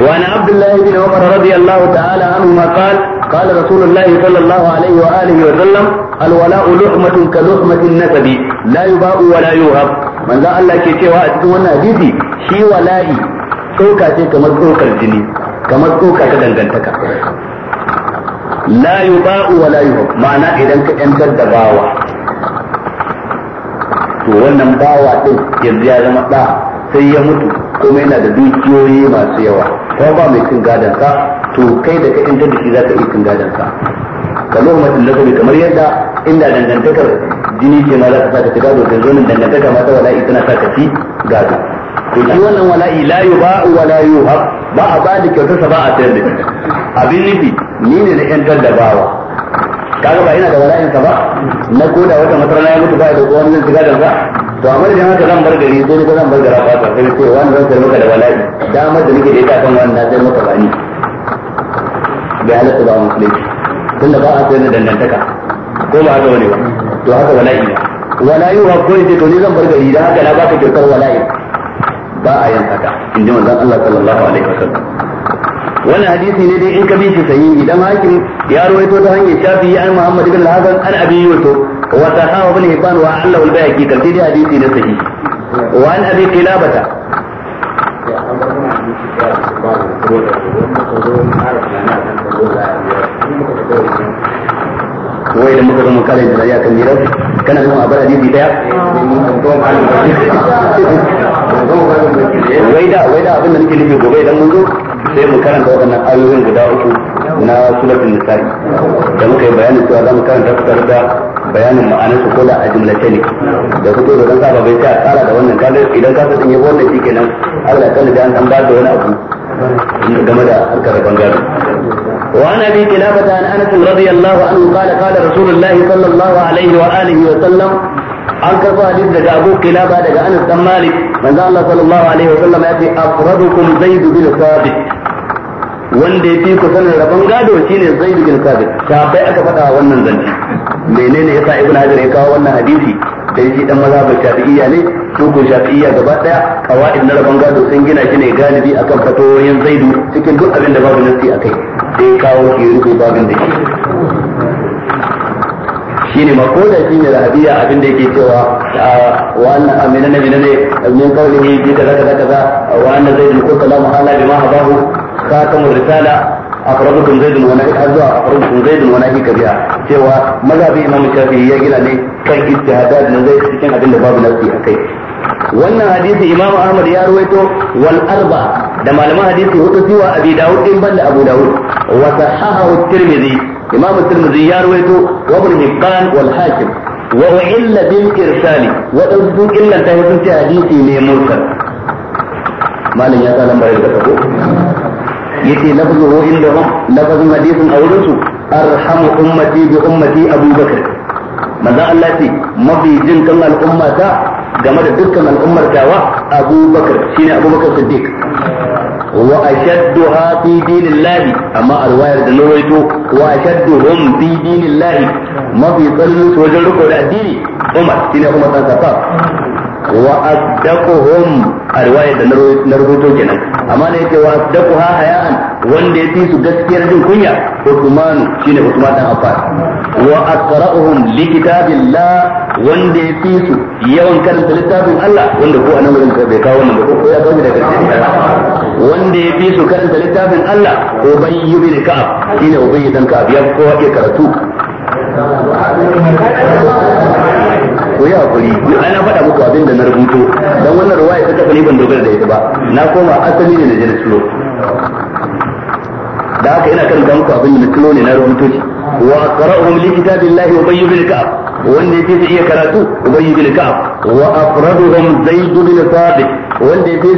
Speaker 1: wa ana abdullah ibn umar radiyallahu ta'ala anhu ma qala qala rasulullah sallallahu alaihi wa alihi wa sallam al-wala'u luhmatun ka luhmatin nasabi la yuba'u wa la yuhab manzo Allah ke cewa a cikin wannan hadisi shi wala'i tsoka ce kamar tsokar jini kamar tsoka ta dangantaka la yuba'u wa la yuhab ma'ana idan ka yantar da bawa to wannan bawa din yanzu ya zama da sai ya mutu kuma yana da dukiyoyi masu yawa ko ba mai cin gadon sa, to kai da ka yantar da shi zaka iya cin gadon ka kamar mutum da kamar yadda inda dangantakar jini ce ma za ta sa ka ci gado da zonin dangantaka ma ta wala'i tana sa ci gado to shi wannan wala'i la yuba'u wa la yuhab ba a ba da kyautar sa ba a sayar da shi abin nufi ni ne na yantar da bawa kaga ba ina da wala'in sa ba na koda wata matsala ya mutu ba da kowa zan shiga da ba to amma da haka zan bar gari sai ko zan bar gara ba ta sai wani zan sayar maka da wala'i damar da nake da ita kan wannan zan maka bani bai halatta ba musulunci tunda ba a sayar da dangantaka ko ba haka wani ba to haka wala'i ne wala'i wa ko ce to ni zan bar gari da haka na baka kyautar wala'i ba a yin haka in ji manzon Allah sallallahu alaihi wasallam wannan hadisi ne dai in ka bi shi sayi idan hakim ya rawaito ta hanyar shafi an Muhammad ibn Hasan an Abi Yusuf wa sahawa ibn Hibban wa Allah al-Bayhaqi kan dai hadisi ne sahi wa an Abi Qilabata wai da muka mun kare da ya kan mirar kana zama a bar hadisi daya wai da wai da abin da nake nufi gobe idan mun zo sai mu karanta waɗannan ayoyin guda uku na suratul nisa'i da muka yi bayanin cewa za mu karanta su tare da bayanin ma'anar su ko da a jumlace ne da fito da dan saba bai sai a tsara da wannan kaga idan ka san yabo wannan shikenan Allah kan da an ba
Speaker 2: da wani abu game da harkar bangaren وعن ابي
Speaker 1: كلابه عن انس رضي الله عنه قال قال رسول الله صلى الله عليه واله وسلم an karɓo hadisi daga Abu kilaba daga Anas dan Malik manzo Allah sallallahu alaihi wasallam ya ce afradukum Zaid bin Thabit wanda ya fi ku sanin rabon gado shine Zaid bin Thabit bai aka faɗa wannan zanci menene yasa Ibn Hajar ya kawo wannan hadisi dan shi dan mazhabin Shafi'iyya ne dukun Shafi'iyya gaba daya kawaid na rabon gado sun gina shi ne galibi akan fatoyin Zaid cikin duk abin da babu nasi akai dai kawo ke rubu babin da ke. shine ma ko da shine rabiya abin da yake cewa ah, wa anna amina nabi ne min qawlihi bi kaza kaza kaza wa anna zaidun qul salamu ala bima habahu kamar risala akrabukum zaidun wa nahi azwa akrabukum zaidun wa nahi kabiya cewa mazhabi imam shafi'i ya gina ne kan ijtihadat na zaid cikin abin da babu nasi akai wannan hadisi imam ahmad ya ruwaito wal arba da malaman hadisi hudu zuwa abi dawud din banda abu dawud wa sahahahu tirmidhi imam tirmidhi ya rawaito wa ibn hibban wal hakim illa bil irsal wa dukku illa sun ce ne mursal malin ya tsala bare da kabo yace lafzuhu indahum lafzun hadisin aurin su arhamu ummati bi ummati abubakar manzo Allah ce mafi jin kan al'ummata game da dukkan al'ummar tawa abubakar shine abubakar وأشدها في دين الله أما الرواية دلويتو وأشدهم في دين الله ما في صلوة وجلوك ولا ديني Umar shi ne Umar dan Khattab wa asdaquhum a riwayar da na rubuto kenan amma ne yake wa asdaquha hayaan wanda ya fi su gaskiyar jin kunya Uthman shine Uthman dan Affan wa aqra'uhum li kitabillah wanda ya fi su yawan karanta littafin Allah wanda ko anan wurin bai kawo wannan ba ko ya kawo daga wanda ya fi su karanta littafin Allah ko yi ibn Ka'ab shine Ubayy dan Ka'ab ya kowa ya karatu koyi hakuri ai na faɗa muku abin da na rubuto dan wannan ruwaya ta kafa ban dogara da ita ba na koma asali ne na jira tsoro da haka ina kan muku abin da na ne na rubuto shi wa qara'uhum li kitabillahi wa bayyin bil ka'ab wanda yake iya karatu ubayy bin ka'ab wa afraduhum zaid bin sabit wanda yake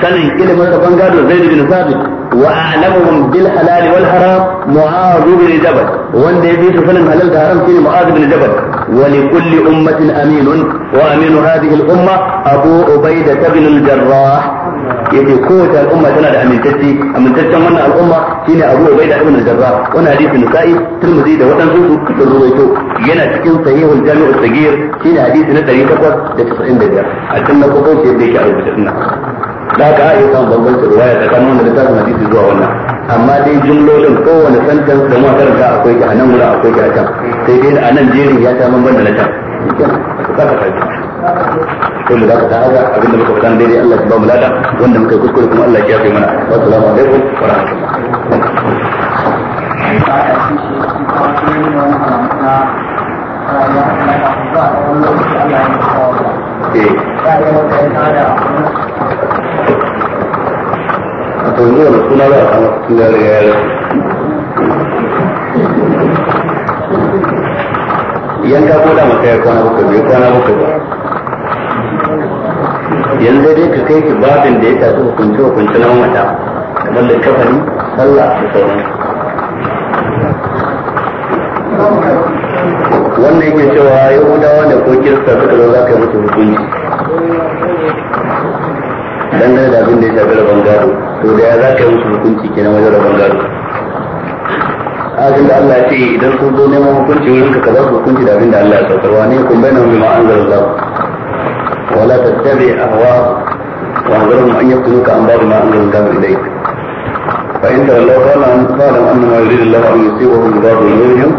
Speaker 1: sanin ilimin da bangado zaid bin sabit واعلمهم بالحلال والحرام معاذ بن جبل وند يبيت فلم هلال دارم في معاذ بن جبل ولكل أمة أمين وأمين هذه الأمة أبو عبيدة بن الجراح يدي قوة الأمة أنا أمين تتي أمين تتي من الأمة فينا أبو عبيدة بن الجراح وأنا حديث النسائي ترمزي ده وتنزل كتب الرويتو ينا تكين صحيح الجامع الصغير هنا حديث نتريد أكبر ده تصحيح بيجا في يديك يبديك أعوذ بسرنا da ka a iya samun bambancin ruwaya tsakanin wanda littafin hadisi zuwa wannan amma dai jumlolin kowane santan da muka karanta akwai ki a nan wurin akwai ki a can sai dai a nan jerin ya ta bamban da na can kullu da ta haza abinda muka faɗa dai Allah ya ba mu lada wanda muka kuskure kuma Allah
Speaker 2: ya kai mana assalamu alaikum wa rahmatullahi wa barakatuh eh. yan riga
Speaker 1: ya ko da mata ya kwana bakwai bai kwana bakwai ba yanzu dai ka kai ki babin da ya tafi hukunce hukunce na mata kamar da kafani sallah da sauran wannan yake cewa yahudawa ne ko kirista suka zo za ka yi musu hukunci dangane da abin da ya shafi rabon gado to da ya za ka yi musu hukunci kenan wajen rabon gado abin da Allah ce idan sun zo neman hukunci wurin ka kaza hukunci da abin da Allah ya saukar wa ne kun bayyana mu ma'an zara za wala tattabi ahwa wa zarhum an yaquluka an ba'd ma'an zara za ilayk fa in tarallaw qala an qala anna ma yuridu Allah an yusibahum bi ba'd yawmihim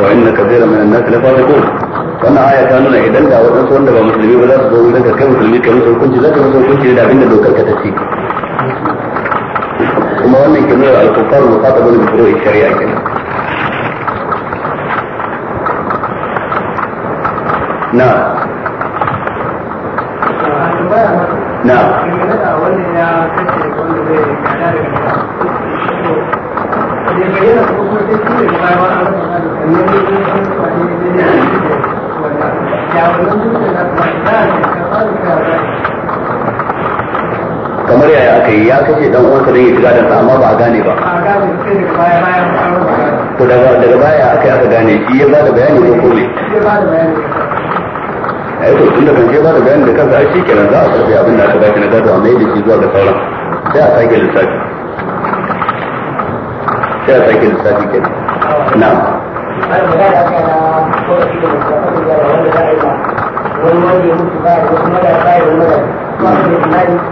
Speaker 1: wa inna kathiran min an-nas la fasiqun wannan aya ta nuna idan da wadansu wanda ba musulmi ba za su zo wurin ka kai musulmi kai musu hukunci za ka musu hukunci da abin da dokar ka ta ce المهم ان جميع الكفار المخاطب من فروع الشريعه كده نعم. yi eh, ya
Speaker 2: kashe dan uwansa ne ya shiga da sa amma ba a gane ba to daga daga baya aka aka gane shi ya bada bayani ko ko ne ai eh,
Speaker 1: to tun da kan je bada bayani da kansa ai shi kenan za a karbi abin da aka baki na gado amma yadda shi zuwa ga sauran sai a sake lissafi sai a sake lissafi kenan
Speaker 2: na'am wani wanda ya mutu ba da wasu mada ba da wani mada ba da wani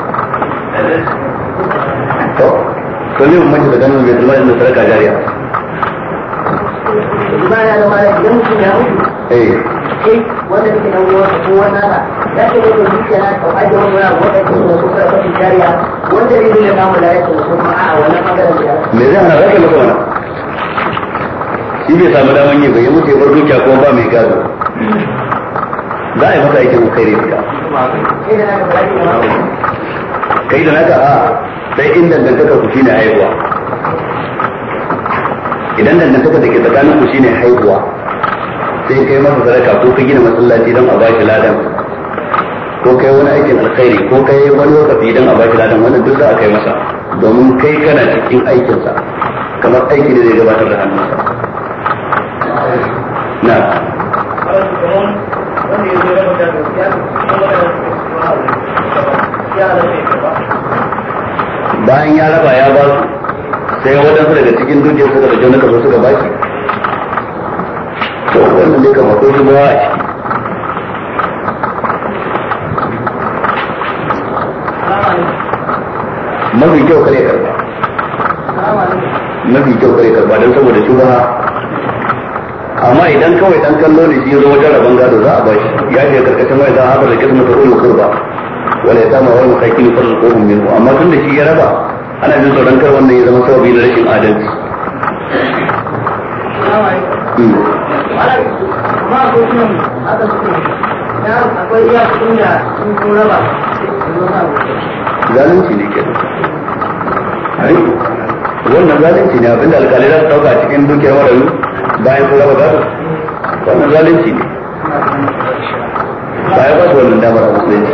Speaker 1: to ne mun da ganin mai tulma inda sadaka jariya
Speaker 2: wanda ko ya ce na wanda ne da ko me zai hana zaka maka wannan
Speaker 1: shi bai samu daman yi bai mutu ya bar dukiya kuma ba mai gado za a yi maka aikin kai ne ka kai da naka a sai in dangantakar ku shine haihuwa idan dangantakar da ke tsakanin ku shine haihuwa sai kai masa sadaka ko ka gina masallaci don a baki ladan ko kai wani aikin alkhairi ko kai wani wakafi don a baki ladan wannan duk za a kai masa domin kai kana cikin aikinsa kamar aiki da zai gabatar da hannunsa
Speaker 2: na wanda ya zo ya
Speaker 1: bayan ya raba ya ba su sai su daga cikin dukiyar suka da jona su suka baki to wannan dai kamar ko shi ba a ciki mafi kyau kare karba mafi kyau kare karba don saboda shi ba amma idan kawai dan kallo ne shi zo wajen rabon gado za a bashi ya je karkashin wai za a haɓar da kismin ta ulu kurba wala yatama wal masakin farzuquhum minhu amma tun da shi ya raba ana jin tsoron kar wannan ya zama sababi da rashin
Speaker 2: adalci zalunci ne
Speaker 1: ke wannan zalunci ne abinda alkalai za su dauka cikin dukiyar marayu bayan sun ba su. wannan zalunci ne ba ya ba su wannan damar a musulunci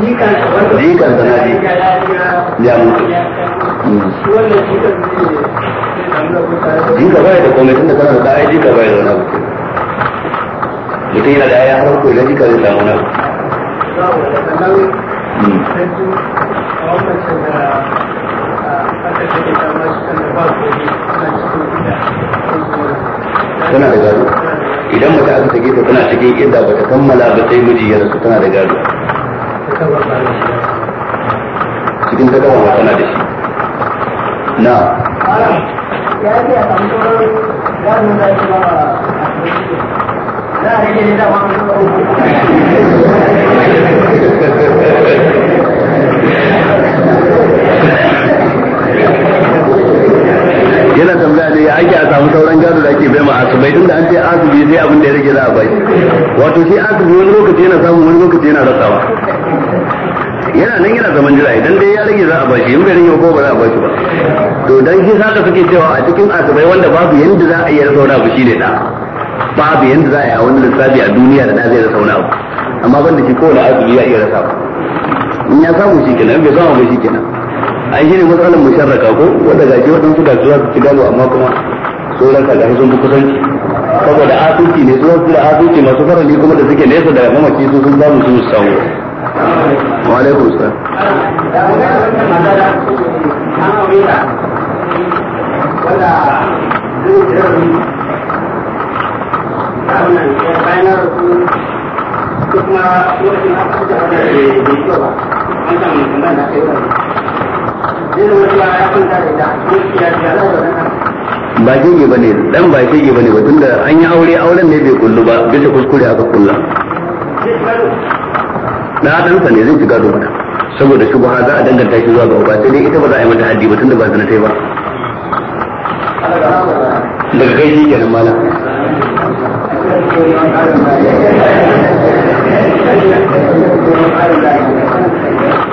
Speaker 2: jikan sana ji ya mutu jika bai da komai
Speaker 1: tunda kana da ai jika bai da wani abu mutum yana da ai har ko idan jika
Speaker 2: zai samu hmm. na tana da gado
Speaker 1: idan mace aka take ta tana cikin idda ba ta kammala ba sai miji ya rasu tana da gado cikin ta
Speaker 2: gama ba tana da shi na ya ce a samu sauran gado za shi ba za a rage ne da wani
Speaker 1: yana tambaya ne ya ake a samu sauran gado da ake bai ma asubai tunda an ce asubi sai abin da ya rage za a bai wato shi asubi wani lokaci yana samu wani lokaci yana rasawa
Speaker 2: yana nan yana zaman jira idan dai ya rage za a bashi in bai rage ko ba za a
Speaker 1: bashi ba to dan shi saka suke cewa a cikin asubai wanda babu yanda za a iya rasa wani abu shine da babu yanda za a yi a wani lissafi a duniya da na zai rasa wani abu amma banda shi kowane biyu ya iya rasa ba in ya samu shi kenan in bai samu bai shi kenan ai shine matsalar musharraka ko wanda gashi wadansu da zuwa su gano amma kuma sauran ka gashi sun fi kusanci saboda asuci ne sun da asuci masu farali kuma da suke nesa da mamaki su sun samu su samu wa alaikum salam kuma ba shege ba ne dan ba shege ba ne ba tunda an yi aure auren ne bai kullu ba bisa kuskure aka kulla na ɗansa ne zai shiga dubata saboda shi ba za a danganta shi zuwa ga uba sai dai ita ba za a yi mata haddi ba tunda ba zana ba daga kai shi kenan mala Thank you.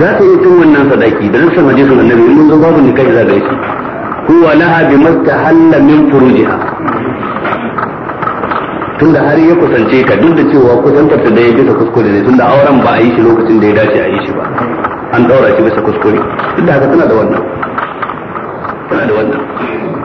Speaker 1: za ta yi tun wannan sadaki da rufin hadisin annabi in mun zo babu ni kai ga yi huwa laha bi mastahalla min furujiha tunda har ya kusance ka duk da cewa kusantar ta da ya bisa kuskure ne tunda auren ba a yi shi lokacin da ya dace a yi shi ba an daura shi bisa kuskure duk da haka tana da wannan
Speaker 2: tana da wannan